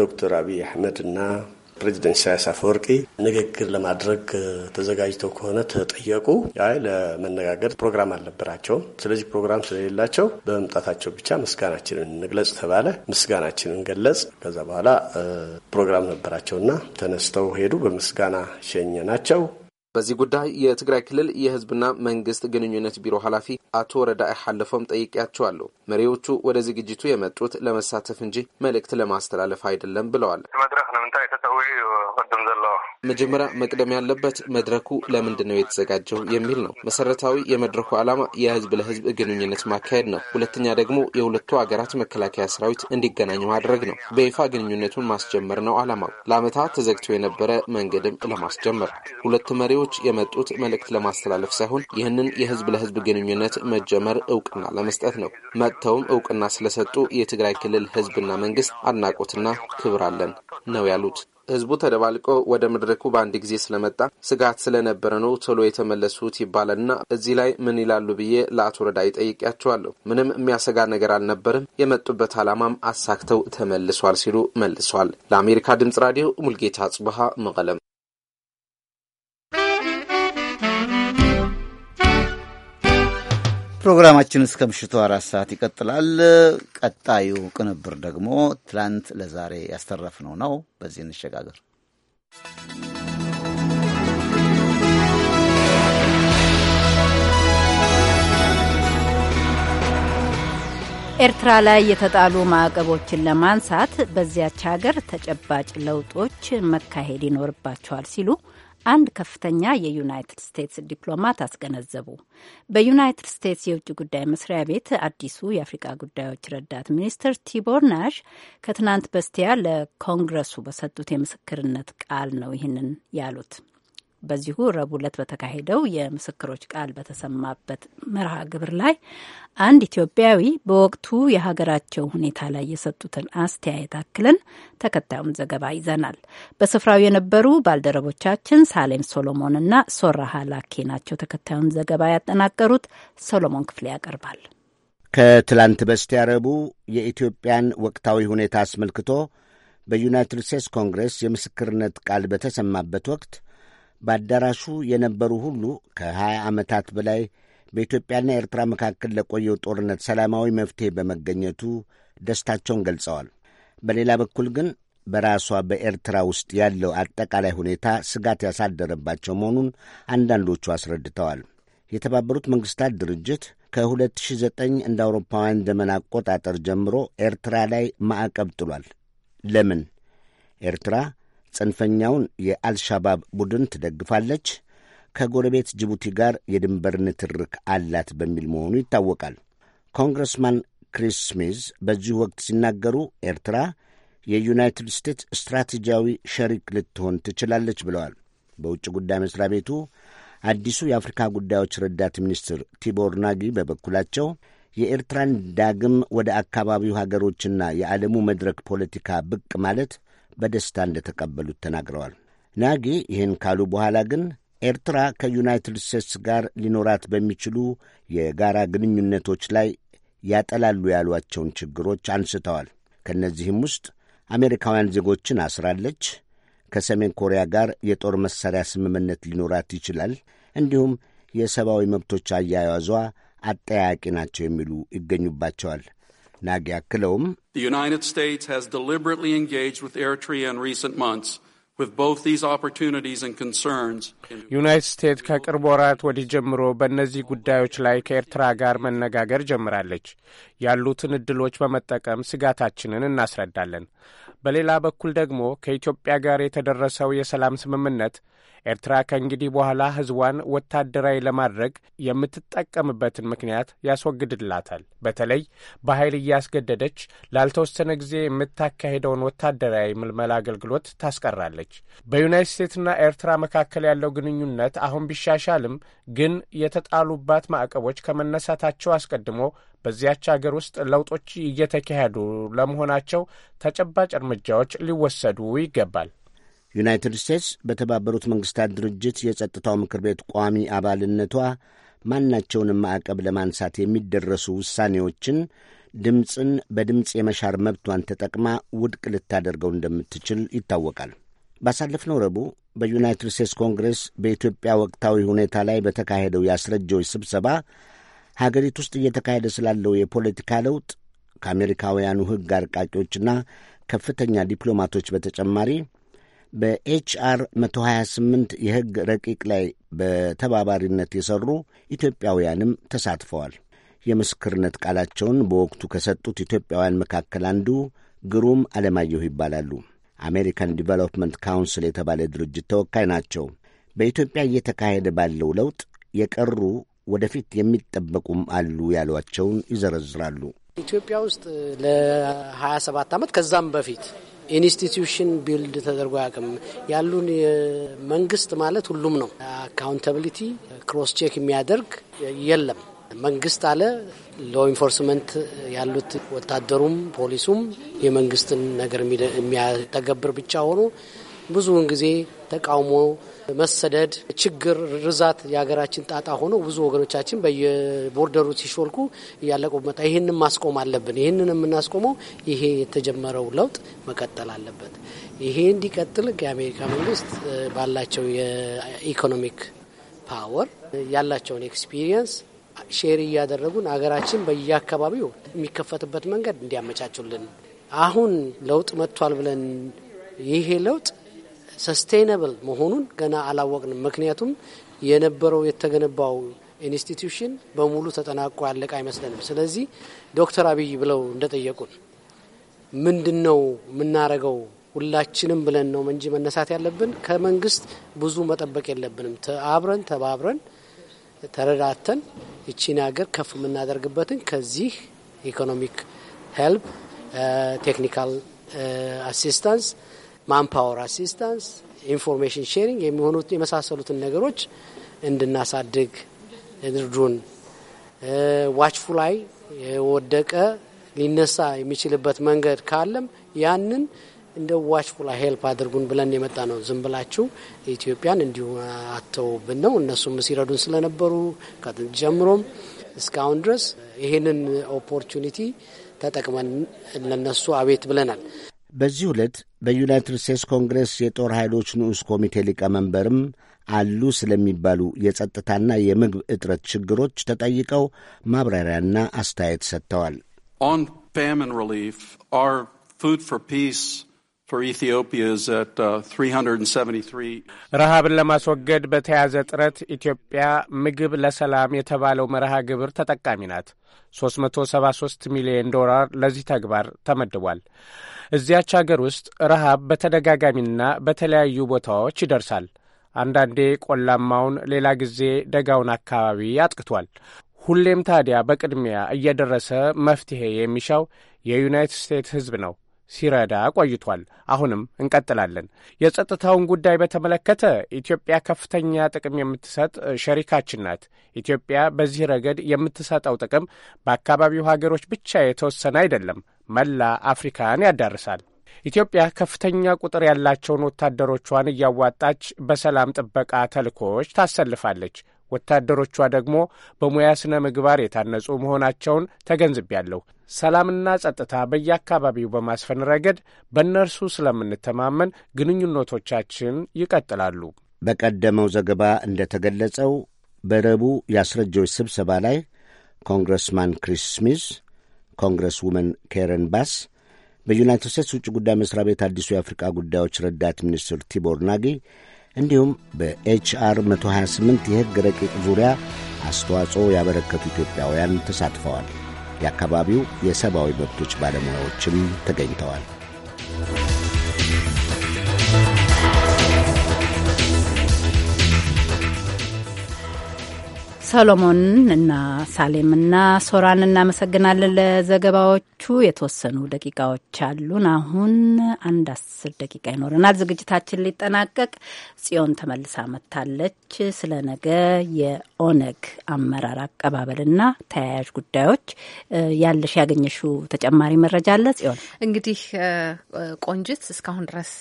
ዶክተር አብይ አህመድ እና ፕሬዚደንት ኢሳያስ አፈወርቂ ንግግር ለማድረግ ተዘጋጅተው ከሆነ ተጠየቁ። አይ ለመነጋገር ፕሮግራም አልነበራቸውም። ስለዚህ ፕሮግራም ስለሌላቸው በመምጣታቸው ብቻ ምስጋናችንን እንግለጽ ተባለ። ምስጋናችንን ገለጽ። ከዛ በኋላ ፕሮግራም ነበራቸውና ተነስተው ሄዱ። በምስጋና ሸኘ ናቸው። በዚህ ጉዳይ የትግራይ ክልል የህዝብና መንግስት ግንኙነት ቢሮ ኃላፊ አቶ ረዳኢ ሓለፎም ጠይቄያቸዋለሁ። መሪዎቹ ወደ ዝግጅቱ የመጡት ለመሳተፍ እንጂ መልእክት ለማስተላለፍ አይደለም ብለዋል። መድረክ ነው መጀመሪያ መቅደም ያለበት መድረኩ ለምንድን ነው የተዘጋጀው የሚል ነው። መሰረታዊ የመድረኩ ዓላማ የህዝብ ለህዝብ ግንኙነት ማካሄድ ነው። ሁለተኛ ደግሞ የሁለቱ ሀገራት መከላከያ ሰራዊት እንዲገናኙ ማድረግ ነው። በይፋ ግንኙነቱን ማስጀመር ነው ዓላማው። ለአመታት ተዘግቶ የነበረ መንገድም ለማስጀመር። ሁለት መሪዎች የመጡት መልእክት ለማስተላለፍ ሳይሆን ይህንን የህዝብ ለህዝብ ግንኙነት መጀመር እውቅና ለመስጠት ነው። መጥተውም እውቅና ስለሰጡ የትግራይ ክልል ህዝብና መንግስት አድናቆትና ክብር አለን ነው ያሉት። ህዝቡ ተደባልቆ ወደ መድረኩ በአንድ ጊዜ ስለመጣ ስጋት ስለነበረ ነው ቶሎ የተመለሱት ይባላልና እዚህ ላይ ምን ይላሉ ብዬ ለአቶ ረዳይ ጠይቄያቸዋለሁ። ምንም የሚያሰጋ ነገር አልነበርም። የመጡበት ዓላማም አሳክተው ተመልሷል ሲሉ መልሷል። ለአሜሪካ ድምጽ ራዲዮ ሙልጌታ ጽቡሃ መቀለም ፕሮግራማችን እስከ ምሽቱ አራት ሰዓት ይቀጥላል። ቀጣዩ ቅንብር ደግሞ ትላንት ለዛሬ ያስተረፍነው ነው። በዚህ እንሸጋገር። ኤርትራ ላይ የተጣሉ ማዕቀቦችን ለማንሳት በዚያች ሀገር ተጨባጭ ለውጦች መካሄድ ይኖርባቸዋል ሲሉ አንድ ከፍተኛ የዩናይትድ ስቴትስ ዲፕሎማት አስገነዘቡ። በዩናይትድ ስቴትስ የውጭ ጉዳይ መስሪያ ቤት አዲሱ የአፍሪካ ጉዳዮች ረዳት ሚኒስትር ቲቦር ናሽ ከትናንት በስቲያ ለኮንግረሱ በሰጡት የምስክርነት ቃል ነው ይህንን ያሉት። በዚሁ ረቡዕ ዕለት በተካሄደው የምስክሮች ቃል በተሰማበት መርሃ ግብር ላይ አንድ ኢትዮጵያዊ በወቅቱ የሀገራቸው ሁኔታ ላይ የሰጡትን አስተያየት አክለን ተከታዩን ዘገባ ይዘናል። በስፍራው የነበሩ ባልደረቦቻችን ሳሌም ሶሎሞንና ሶራ ሀላኬ ናቸው ተከታዩን ዘገባ ያጠናቀሩት። ሶሎሞን ክፍሌ ያቀርባል። ከትላንት በስቲያ ረቡዕ የኢትዮጵያን ወቅታዊ ሁኔታ አስመልክቶ በዩናይትድ ስቴትስ ኮንግሬስ የምስክርነት ቃል በተሰማበት ወቅት በአዳራሹ የነበሩ ሁሉ ከሀያ ዓመታት በላይ በኢትዮጵያና ኤርትራ መካከል ለቆየው ጦርነት ሰላማዊ መፍትሄ በመገኘቱ ደስታቸውን ገልጸዋል። በሌላ በኩል ግን በራሷ በኤርትራ ውስጥ ያለው አጠቃላይ ሁኔታ ስጋት ያሳደረባቸው መሆኑን አንዳንዶቹ አስረድተዋል። የተባበሩት መንግሥታት ድርጅት ከ2009 እንደ አውሮፓውያን ዘመን አቆጣጠር ጀምሮ ኤርትራ ላይ ማዕቀብ ጥሏል። ለምን? ኤርትራ ጽንፈኛውን የአልሻባብ ቡድን ትደግፋለች፣ ከጎረቤት ጅቡቲ ጋር የድንበር ንትርክ አላት በሚል መሆኑ ይታወቃል። ኮንግረስማን ክሪስ ስሚዝ በዚሁ ወቅት ሲናገሩ ኤርትራ የዩናይትድ ስቴትስ ስትራቴጂያዊ ሸሪክ ልትሆን ትችላለች ብለዋል። በውጭ ጉዳይ መስሪያ ቤቱ አዲሱ የአፍሪካ ጉዳዮች ረዳት ሚኒስትር ቲቦር ናጊ በበኩላቸው የኤርትራን ዳግም ወደ አካባቢው ሀገሮችና የዓለሙ መድረክ ፖለቲካ ብቅ ማለት በደስታ እንደተቀበሉት ተናግረዋል። ናጊ ይህን ካሉ በኋላ ግን ኤርትራ ከዩናይትድ ስቴትስ ጋር ሊኖራት በሚችሉ የጋራ ግንኙነቶች ላይ ያጠላሉ ያሏቸውን ችግሮች አንስተዋል። ከእነዚህም ውስጥ አሜሪካውያን ዜጎችን አስራለች፣ ከሰሜን ኮሪያ ጋር የጦር መሣሪያ ስምምነት ሊኖራት ይችላል፣ እንዲሁም የሰብአዊ መብቶች አያያዟ አጠያቂ ናቸው የሚሉ ይገኙባቸዋል። ናግ ያክለውም ዩናይትድ ስቴትስ ሃዝ ደሊበሬትሊ ኢንጌጅድ ዊዝ ኤርትራ ኢን ዩናይትድ ስቴትስ ከቅርብ ወራት ወዲህ ጀምሮ በእነዚህ ጉዳዮች ላይ ከኤርትራ ጋር መነጋገር ጀምራለች። ያሉትን እድሎች በመጠቀም ስጋታችንን እናስረዳለን። በሌላ በኩል ደግሞ ከኢትዮጵያ ጋር የተደረሰው የሰላም ስምምነት ኤርትራ ከእንግዲህ በኋላ ሕዝቧን ወታደራዊ ለማድረግ የምትጠቀምበትን ምክንያት ያስወግድላታል። በተለይ በኃይል እያስገደደች ላልተወሰነ ጊዜ የምታካሄደውን ወታደራዊ ምልመላ አገልግሎት ታስቀራለች። በዩናይት ስቴትስና ኤርትራ መካከል ያለው ግንኙነት አሁን ቢሻሻልም ግን የተጣሉባት ማዕቀቦች ከመነሳታቸው አስቀድሞ በዚያች አገር ውስጥ ለውጦች እየተካሄዱ ለመሆናቸው ተጨባጭ እርምጃዎች ሊወሰዱ ይገባል። ዩናይትድ ስቴትስ በተባበሩት መንግስታት ድርጅት የጸጥታው ምክር ቤት ቋሚ አባልነቷ ማናቸውንም ማዕቀብ ለማንሳት የሚደረሱ ውሳኔዎችን ድምፅን በድምፅ የመሻር መብቷን ተጠቅማ ውድቅ ልታደርገው እንደምትችል ይታወቃል። ባሳለፍነው ረቡዕ በዩናይትድ ስቴትስ ኮንግረስ በኢትዮጵያ ወቅታዊ ሁኔታ ላይ በተካሄደው የአስረጂዎች ስብሰባ ሀገሪቱ ውስጥ እየተካሄደ ስላለው የፖለቲካ ለውጥ ከአሜሪካውያኑ ሕግ አርቃቂዎችና ከፍተኛ ዲፕሎማቶች በተጨማሪ በኤችአር 128 የሕግ ረቂቅ ላይ በተባባሪነት የሰሩ ኢትዮጵያውያንም ተሳትፈዋል። የምስክርነት ቃላቸውን በወቅቱ ከሰጡት ኢትዮጵያውያን መካከል አንዱ ግሩም አለማየሁ ይባላሉ። አሜሪካን ዲቨሎፕመንት ካውንስል የተባለ ድርጅት ተወካይ ናቸው። በኢትዮጵያ እየተካሄደ ባለው ለውጥ የቀሩ ወደፊት የሚጠበቁም አሉ ያሏቸውን ይዘረዝራሉ። ኢትዮጵያ ውስጥ ለ27 ዓመት ከዛም በፊት ኢንስቲትዩሽን ቢልድ ተደርጎ አያውቅም። ያሉን መንግስት ማለት ሁሉም ነው። አካውንታብሊቲ ክሮስ ቼክ የሚያደርግ የለም። መንግስት አለ ሎ ኢንፎርስመንት ያሉት ወታደሩም ፖሊሱም የመንግስትን ነገር የሚያተገብር ብቻ ሆኖ ብዙውን ጊዜ ተቃውሞ መሰደድ ችግር ርዛት የሀገራችን ጣጣ ሆኖ ብዙ ወገኖቻችን በየቦርደሩ ሲሾልኩ እያለቁ መጣ። ይህንን ማስቆም አለብን። ይህንን የምናስቆመው ይሄ የተጀመረው ለውጥ መቀጠል አለበት። ይሄ እንዲቀጥል የአሜሪካ መንግስት ባላቸው የኢኮኖሚክ ፓወር ያላቸውን ኤክስፒሪየንስ ሼር እያደረጉን ሀገራችን በየአካባቢው የሚከፈትበት መንገድ እንዲያመቻቹልን አሁን ለውጥ መጥቷል ብለን ይሄ ለውጥ ሰስቴነብል መሆኑን ገና አላወቅንም። ምክንያቱም የነበረው የተገነባው ኢንስቲትዩሽን በሙሉ ተጠናቆ ያለቀ አይመስለንም። ስለዚህ ዶክተር አብይ ብለው እንደጠየቁን ምንድን ነው የምናረገው ሁላችንም ብለን ነው እንጂ መነሳት ያለብን። ከመንግስት ብዙ መጠበቅ የለብንም። አብረን ተባብረን ተረዳተን ይቺን ሀገር ከፍ የምናደርግበትን ከዚህ ኢኮኖሚክ ሄልፕ ቴክኒካል አሲስታንስ ማንፓወር አሲስታንስ፣ ኢንፎርሜሽን ሼሪንግ የሚሆኑት የመሳሰሉትን ነገሮች እንድናሳድግ እርዱን። ዋችፉ ላይ የወደቀ ሊነሳ የሚችልበት መንገድ ካለም ያንን እንደ ዋችፉል ሄልፕ አድርጉን ብለን የመጣ ነው። ዝም ብላችሁ ኢትዮጵያን እንዲሁ አተውብን ነው። እነሱም ሲረዱን ስለነበሩ ከጥንት ጀምሮም እስካሁን ድረስ ይህንን ኦፖርቹኒቲ ተጠቅመን ለነሱ አቤት ብለናል። በዚህ ዕለት በዩናይትድ ስቴትስ ኮንግረስ የጦር ኃይሎች ንዑስ ኮሚቴ ሊቀመንበርም አሉ ስለሚባሉ የጸጥታና የምግብ እጥረት ችግሮች ተጠይቀው ማብራሪያና አስተያየት ሰጥተዋል። ኦን ሪሊፍ ፉድ ፎር ፒስ Uh, ረሃብን ለማስወገድ በተያዘ ጥረት ኢትዮጵያ ምግብ ለሰላም የተባለው መርሃ ግብር ተጠቃሚ ናት። 373 ሚሊዮን ዶላር ለዚህ ተግባር ተመድቧል። እዚያች አገር ውስጥ ረሃብ በተደጋጋሚና በተለያዩ ቦታዎች ይደርሳል። አንዳንዴ ቆላማውን፣ ሌላ ጊዜ ደጋውን አካባቢ አጥቅቷል። ሁሌም ታዲያ በቅድሚያ እየደረሰ መፍትሄ የሚሻው የዩናይትድ ስቴትስ ሕዝብ ነው። ሲረዳ ቆይቷል። አሁንም እንቀጥላለን። የጸጥታውን ጉዳይ በተመለከተ ኢትዮጵያ ከፍተኛ ጥቅም የምትሰጥ ሸሪካችን ናት። ኢትዮጵያ በዚህ ረገድ የምትሰጠው ጥቅም በአካባቢው ሀገሮች ብቻ የተወሰነ አይደለም፣ መላ አፍሪካን ያዳርሳል። ኢትዮጵያ ከፍተኛ ቁጥር ያላቸውን ወታደሮቿን እያዋጣች በሰላም ጥበቃ ተልእኮዎች ታሰልፋለች። ወታደሮቿ ደግሞ በሙያ ስነ ምግባር የታነጹ መሆናቸውን ተገንዝቤያለሁ። ሰላምና ጸጥታ በየአካባቢው በማስፈን ረገድ በእነርሱ ስለምንተማመን ግንኙነቶቻችን ይቀጥላሉ። በቀደመው ዘገባ እንደ ተገለጸው በረቡዕ የአስረጆች ስብሰባ ላይ ኮንግረስማን ክሪስ ስሚዝ፣ ኮንግረስ ውመን ኬረን ባስ፣ በዩናይትድ ስቴትስ ውጭ ጉዳይ መሥሪያ ቤት አዲሱ የአፍሪቃ ጉዳዮች ረዳት ሚኒስትር ቲቦር ናጊ እንዲሁም በኤችአር 128 የሕግ ረቂቅ ዙሪያ አስተዋጽኦ ያበረከቱ ኢትዮጵያውያን ተሳትፈዋል። የአካባቢው የሰብአዊ መብቶች ባለሙያዎችም ተገኝተዋል። ሰሎሞን እና እና ሶራን እናመሰግናለን ለዘገባዎቹ። የተወሰኑ ደቂቃዎች አሉን። አሁን አንድ አስር ደቂቃ ይኖረናል። ዝግጅታችን ሊጠናቀቅ ጽዮን ተመልሳ መጥታለች። ስለ ነገ የኦነግ አመራር አቀባበልና ተያያዥ ጉዳዮች ያለሽ ያገኘሽው ተጨማሪ መረጃ አለ ጽዮን? እንግዲህ ቆንጅት እስካሁን ድረስ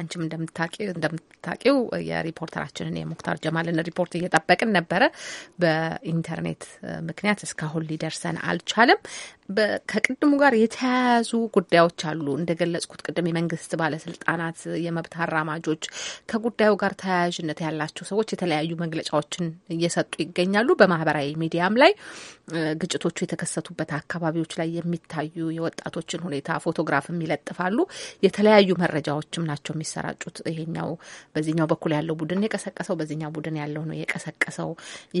አንቺም እንደምታውቂው የሪፖርተራችንን የሙክታር ጀማልን ሪፖርት እየጠበቅን ነበረ። በኢንተርኔት ምክንያት እስካሁን ሊደርሰን አልቻለም። ከቅድሙ ጋር የተያያዙ ጉዳዮች አሉ። እንደገለጽኩት ቅድም የመንግስት ባለስልጣናት፣ የመብት አራማጆች፣ ከጉዳዩ ጋር ተያያዥነት ያላቸው ሰዎች የተለያዩ መግለጫዎችን እየሰጡ ይገኛሉ። በማህበራዊ ሚዲያም ላይ ግጭቶቹ የተከሰቱበት አካባቢዎች ላይ የሚታዩ የወጣቶችን ሁኔታ ፎቶግራፍም ይለጥፋሉ። የተለያዩ መረጃዎችም ናቸው የሚሰራጩት። ይሄኛው በዚህኛው በኩል ያለው ቡድን የቀሰቀሰው በዚህኛው ቡድን ያለው ነው የቀሰቀሰው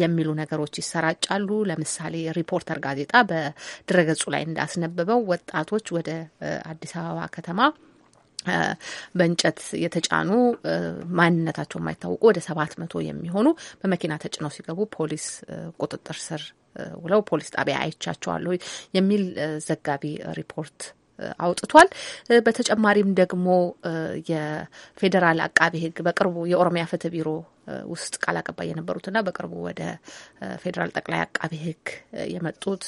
የሚሉ ነገሮች ይሰራጫሉ። ለምሳሌ ሪፖርተር ጋዜጣ በድረገጽ ገጹ ላይ እንዳስነበበው ወጣቶች ወደ አዲስ አበባ ከተማ በእንጨት የተጫኑ ማንነታቸው የማይታወቁ ወደ ሰባት መቶ የሚሆኑ በመኪና ተጭነው ሲገቡ ፖሊስ ቁጥጥር ስር ውለው ፖሊስ ጣቢያ አይቻቸዋለሁ የሚል ዘጋቢ ሪፖርት አውጥቷል። በተጨማሪም ደግሞ የፌዴራል አቃቤ ሕግ በቅርቡ የኦሮሚያ ፍትህ ቢሮ ውስጥ ቃል አቀባይ የነበሩትና በቅርቡ ወደ ፌዴራል ጠቅላይ አቃቢ ሕግ የመጡት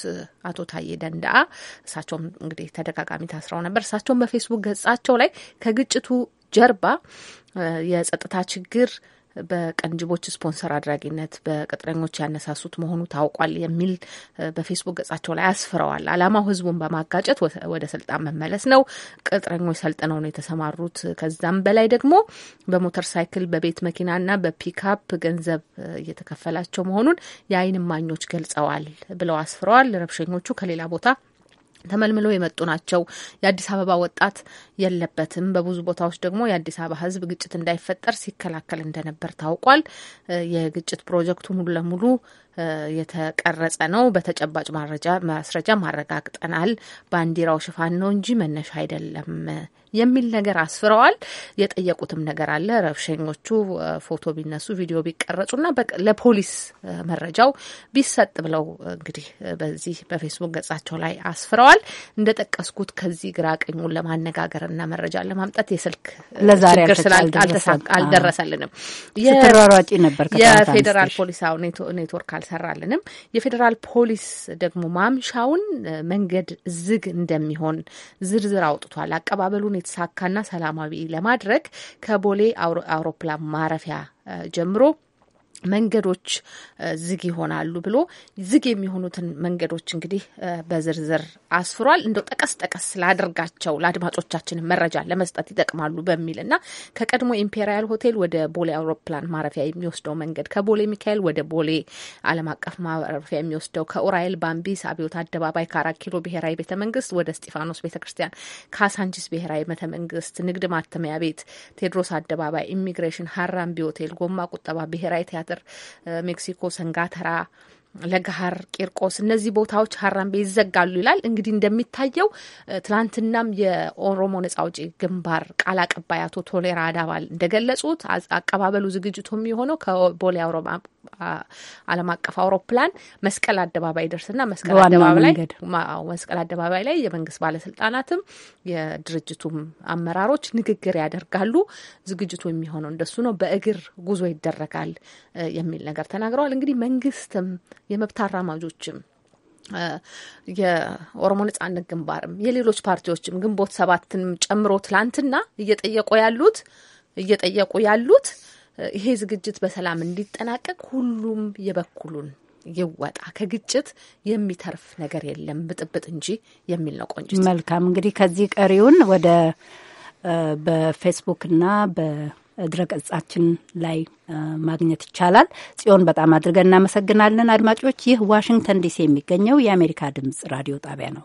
አቶ ታዬ ደንዳ እሳቸውም እንግዲህ ተደጋጋሚ ታስረው ነበር። እሳቸውም በፌስቡክ ገጻቸው ላይ ከግጭቱ ጀርባ የጸጥታ ችግር በቀንጅቦች ስፖንሰር አድራጊነት በቅጥረኞች ያነሳሱት መሆኑ ታውቋል የሚል በፌስቡክ ገጻቸው ላይ አስፍረዋል። አላማው ህዝቡን በማጋጨት ወደ ስልጣን መመለስ ነው። ቅጥረኞች ሰልጥነው ነው የተሰማሩት። ከዛም በላይ ደግሞ በሞተር ሳይክል፣ በቤት መኪናና በፒክአፕ ገንዘብ እየተከፈላቸው መሆኑን የአይን እማኞች ገልጸዋል ብለው አስፍረዋል። ረብሸኞቹ ከሌላ ቦታ ተመልምለው የመጡ ናቸው። የአዲስ አበባ ወጣት የለበትም። በብዙ ቦታዎች ደግሞ የአዲስ አበባ ሕዝብ ግጭት እንዳይፈጠር ሲከላከል እንደነበር ታውቋል። የግጭት ፕሮጀክቱ ሙሉ ለሙሉ የተቀረጸ ነው። በተጨባጭ ማስረጃ ማረጋግጠናል። ባንዲራው ሽፋን ነው እንጂ መነሻ አይደለም የሚል ነገር አስፍረዋል። የጠየቁትም ነገር አለ። ረብሸኞቹ ፎቶ ቢነሱ ቪዲዮ ቢቀረጹና ለፖሊስ መረጃው ቢሰጥ ብለው እንግዲህ በዚህ በፌስቡክ ገጻቸው ላይ አስፍረዋል። እንደጠቀስኩት ከዚህ ግራ ቀኙን ለማነጋገርና መረጃ ለማምጣት የስልክ ችግር ስላልደረሰልንም ስትሯሯጪ ነበር የፌዴራል ፖሊስ ኔትወርክ አልሰራልንም። የፌዴራል ፖሊስ ደግሞ ማምሻውን መንገድ ዝግ እንደሚሆን ዝርዝር አውጥቷል። አቀባበሉን የተሳካና ሰላማዊ ለማድረግ ከቦሌ አውሮፕላን ማረፊያ ጀምሮ መንገዶች ዝግ ይሆናሉ ብሎ ዝግ የሚሆኑትን መንገዶች እንግዲህ በዝርዝር አስፍሯል። እንደው ጠቀስ ጠቀስ ላድርጋቸው ለአድማጮቻችን መረጃ ለመስጠት ይጠቅማሉ በሚል እና ከቀድሞ ኢምፔሪያል ሆቴል ወደ ቦሌ አውሮፕላን ማረፊያ የሚወስደው መንገድ፣ ከቦሌ ሚካኤል ወደ ቦሌ ዓለም አቀፍ ማረፊያ የሚወስደው፣ ከኡራኤል ባምቢስ አብዮት አደባባይ፣ ከአራት ኪሎ ብሔራዊ ቤተ መንግስት ወደ ስጢፋኖስ ቤተ ክርስቲያን፣ ካሳንቺስ ብሔራዊ ቤተ መንግስት፣ ንግድ ማተሚያ ቤት፣ ቴድሮስ አደባባይ፣ ኢሚግሬሽን፣ ሀራምቢ ሆቴል፣ ጎማ ቁጠባ ብሔራዊ ቲያትር አስተዳደር ሜክሲኮ ሰንጋተራ ለገሃር ቂርቆስ፣ እነዚህ ቦታዎች ሀራምቤ ይዘጋሉ ይላል። እንግዲህ እንደሚታየው ትላንትናም የኦሮሞ ነጻ አውጪ ግንባር ቃል አቀባይ አቶ ቶሌራ አዳባል እንደገለጹት አቀባበሉ ዝግጅቱ የሚሆነው ከቦሌ አውሮማ ዓለም አቀፍ አውሮፕላን መስቀል አደባባይ ደርስና መስቀል አደባባይ መስቀል አደባባይ ላይ የመንግስት ባለስልጣናትም የድርጅቱም አመራሮች ንግግር ያደርጋሉ። ዝግጅቱ የሚሆነው እንደሱ ነው። በእግር ጉዞ ይደረጋል የሚል ነገር ተናግረዋል። እንግዲህ መንግስትም የመብት አራማጆችም የኦሮሞ ነጻነት ግንባርም የሌሎች ፓርቲዎችም ግንቦት ሰባትንም ጨምሮ ትላንትና እየጠየቁ ያሉት እየጠየቁ ያሉት ይሄ ዝግጅት በሰላም እንዲጠናቀቅ ሁሉም የበኩሉን ይወጣ፣ ከግጭት የሚተርፍ ነገር የለም ብጥብጥ እንጂ የሚል ነው። ቆንጅት መልካም። እንግዲህ ከዚህ ቀሪውን ወደ በፌስቡክና ድረገጻችን ላይ ማግኘት ይቻላል። ጽዮን በጣም አድርገን እናመሰግናለን። አድማጮች፣ ይህ ዋሽንግተን ዲሲ የሚገኘው የአሜሪካ ድምጽ ራዲዮ ጣቢያ ነው።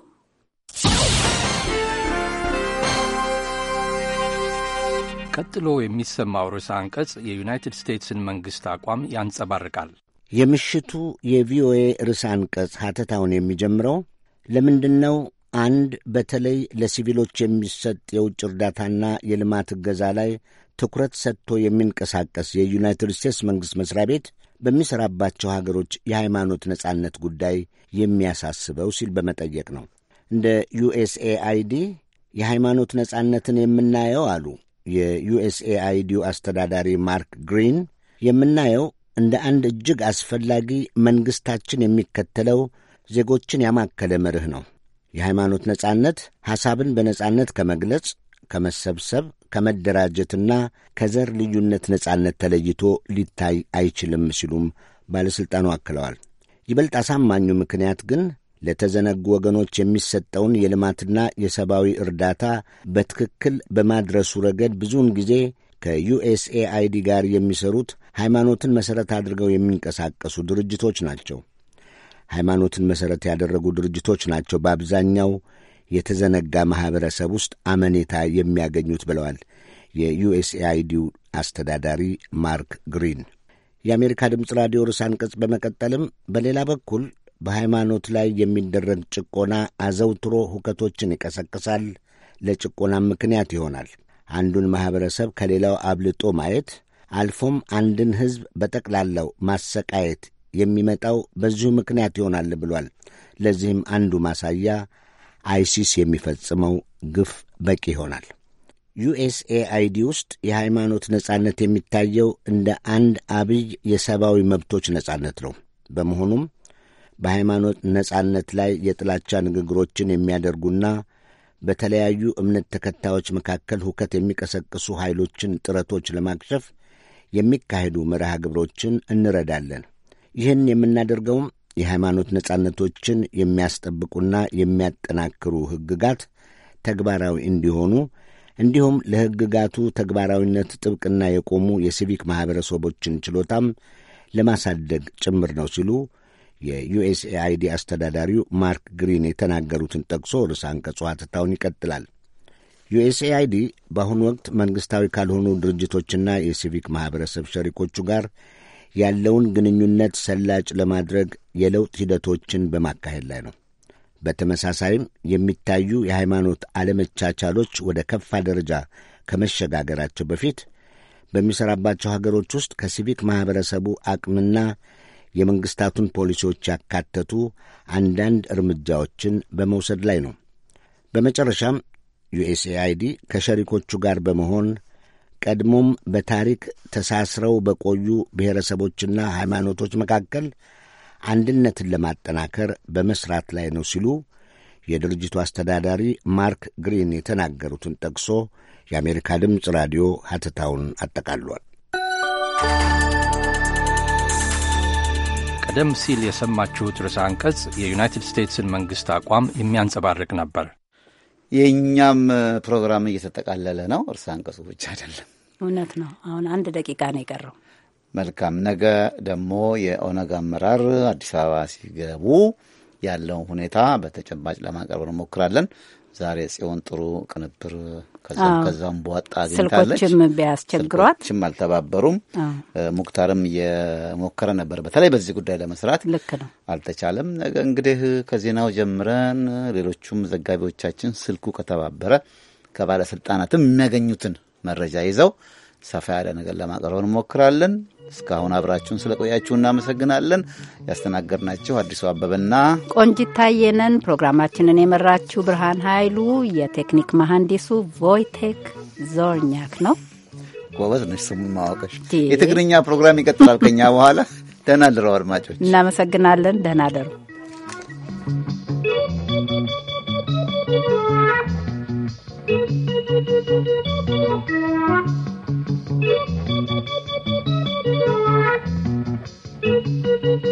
ቀጥሎ የሚሰማው ርዕሰ አንቀጽ የዩናይትድ ስቴትስን መንግሥት አቋም ያንጸባርቃል። የምሽቱ የቪኦኤ ርዕሰ አንቀጽ ሐተታውን የሚጀምረው ለምንድን ነው አንድ በተለይ ለሲቪሎች የሚሰጥ የውጭ እርዳታና የልማት እገዛ ላይ ትኩረት ሰጥቶ የሚንቀሳቀስ የዩናይትድ ስቴትስ መንግሥት መሥሪያ ቤት በሚሠራባቸው ሀገሮች የሃይማኖት ነጻነት ጉዳይ የሚያሳስበው ሲል በመጠየቅ ነው። እንደ ዩኤስኤአይዲ የሃይማኖት ነጻነትን የምናየው አሉ የዩኤስኤአይዲው አስተዳዳሪ ማርክ ግሪን የምናየው እንደ አንድ እጅግ አስፈላጊ መንግሥታችን የሚከተለው ዜጎችን ያማከለ መርህ ነው። የሃይማኖት ነጻነት ሐሳብን በነጻነት ከመግለጽ ከመሰብሰብ ከመደራጀትና ከዘር ልዩነት ነጻነት ተለይቶ ሊታይ አይችልም ሲሉም ባለሥልጣኑ አክለዋል። ይበልጥ አሳማኙ ምክንያት ግን ለተዘነጉ ወገኖች የሚሰጠውን የልማትና የሰብአዊ እርዳታ በትክክል በማድረሱ ረገድ ብዙውን ጊዜ ከዩኤስኤአይዲ ጋር የሚሰሩት ሃይማኖትን መሠረት አድርገው የሚንቀሳቀሱ ድርጅቶች ናቸው። ሃይማኖትን መሠረት ያደረጉ ድርጅቶች ናቸው በአብዛኛው የተዘነጋ ማኅበረሰብ ውስጥ አመኔታ የሚያገኙት ብለዋል የዩኤስኤአይዲው አስተዳዳሪ ማርክ ግሪን። የአሜሪካ ድምፅ ራዲዮ ርዕሰ አንቀጽ በመቀጠልም በሌላ በኩል በሃይማኖት ላይ የሚደረግ ጭቆና አዘውትሮ ሁከቶችን ይቀሰቅሳል፣ ለጭቆናም ምክንያት ይሆናል። አንዱን ማኅበረሰብ ከሌላው አብልጦ ማየት አልፎም አንድን ሕዝብ በጠቅላላው ማሰቃየት የሚመጣው በዚሁ ምክንያት ይሆናል ብሏል። ለዚህም አንዱ ማሳያ አይሲስ የሚፈጽመው ግፍ በቂ ይሆናል። ዩኤስኤአይዲ ውስጥ የሃይማኖት ነጻነት የሚታየው እንደ አንድ አብይ የሰብአዊ መብቶች ነጻነት ነው። በመሆኑም በሃይማኖት ነጻነት ላይ የጥላቻ ንግግሮችን የሚያደርጉና በተለያዩ እምነት ተከታዮች መካከል ሁከት የሚቀሰቅሱ ኃይሎችን ጥረቶች ለማክሸፍ የሚካሄዱ መርሃ ግብሮችን እንረዳለን። ይህን የምናደርገውም የሃይማኖት ነጻነቶችን የሚያስጠብቁና የሚያጠናክሩ ሕግጋት ተግባራዊ እንዲሆኑ እንዲሁም ለሕግጋቱ ተግባራዊነት ጥብቅና የቆሙ የሲቪክ ማኅበረሰቦችን ችሎታም ለማሳደግ ጭምር ነው ሲሉ የዩኤስኤአይዲ አስተዳዳሪው ማርክ ግሪን የተናገሩትን ጠቅሶ ርዕሰ አንቀጹ ሐተታውን ይቀጥላል። ዩኤስኤአይዲ በአሁኑ ወቅት መንግሥታዊ ካልሆኑ ድርጅቶችና የሲቪክ ማኅበረሰብ ሸሪኮቹ ጋር ያለውን ግንኙነት ሰላጭ ለማድረግ የለውጥ ሂደቶችን በማካሄድ ላይ ነው። በተመሳሳይም የሚታዩ የሃይማኖት አለመቻቻሎች ወደ ከፋ ደረጃ ከመሸጋገራቸው በፊት በሚሠራባቸው ሀገሮች ውስጥ ከሲቪክ ማኅበረሰቡ አቅምና የመንግሥታቱን ፖሊሲዎች ያካተቱ አንዳንድ እርምጃዎችን በመውሰድ ላይ ነው። በመጨረሻም ዩኤስኤአይዲ ከሸሪኮቹ ጋር በመሆን ቀድሞም በታሪክ ተሳስረው በቆዩ ብሔረሰቦችና ሃይማኖቶች መካከል አንድነትን ለማጠናከር በመስራት ላይ ነው ሲሉ የድርጅቱ አስተዳዳሪ ማርክ ግሪን የተናገሩትን ጠቅሶ የአሜሪካ ድምፅ ራዲዮ ሀተታውን አጠቃሏል። ቀደም ሲል የሰማችሁት ርዕሰ አንቀጽ የዩናይትድ ስቴትስን መንግሥት አቋም የሚያንጸባርቅ ነበር። የእኛም ፕሮግራም እየተጠቃለለ ነው። እርስ አንቀጹ ብቻ አይደለም፣ እውነት ነው። አሁን አንድ ደቂቃ ነው የቀረው። መልካም። ነገ ደግሞ የኦነግ አመራር አዲስ አበባ ሲገቡ ያለውን ሁኔታ በተጨባጭ ለማቀረብ እንሞክራለን። ዛሬ ጽዮን ጥሩ ቅንብር ከዛም በዋጣ አግኝታለች። ስልኮችም ቢያስቸግሯት ስልኮችም አልተባበሩም። ሙክታርም እየሞከረ ነበር በተለይ በዚህ ጉዳይ ለመስራት ልክ ነው፣ አልተቻለም። ነገ እንግዲህ ከዜናው ጀምረን ሌሎቹም ዘጋቢዎቻችን ስልኩ ከተባበረ ከባለስልጣናትም የሚያገኙትን መረጃ ይዘው ሰፋ ያለ ነገር ለማቅረብ እንሞክራለን። እስካሁን አብራችሁን ስለቆያችሁ እናመሰግናለን። ያስተናገድናችሁ አዲሱ አበበና ቆንጂት ፕሮግራማችንን የመራችሁ ብርሃን ኃይሉ፣ የቴክኒክ መሐንዲሱ ቮይቴክ ዞርኛክ ነው። ጎበዝ ነሽ፣ ስሙን ማወቀሽ። የትግርኛ ፕሮግራም ይቀጥላል ከኛ በኋላ። ደህና ድረው አድማጮች፣ እናመሰግናለን። ደህና ደሩ። Thank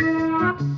you.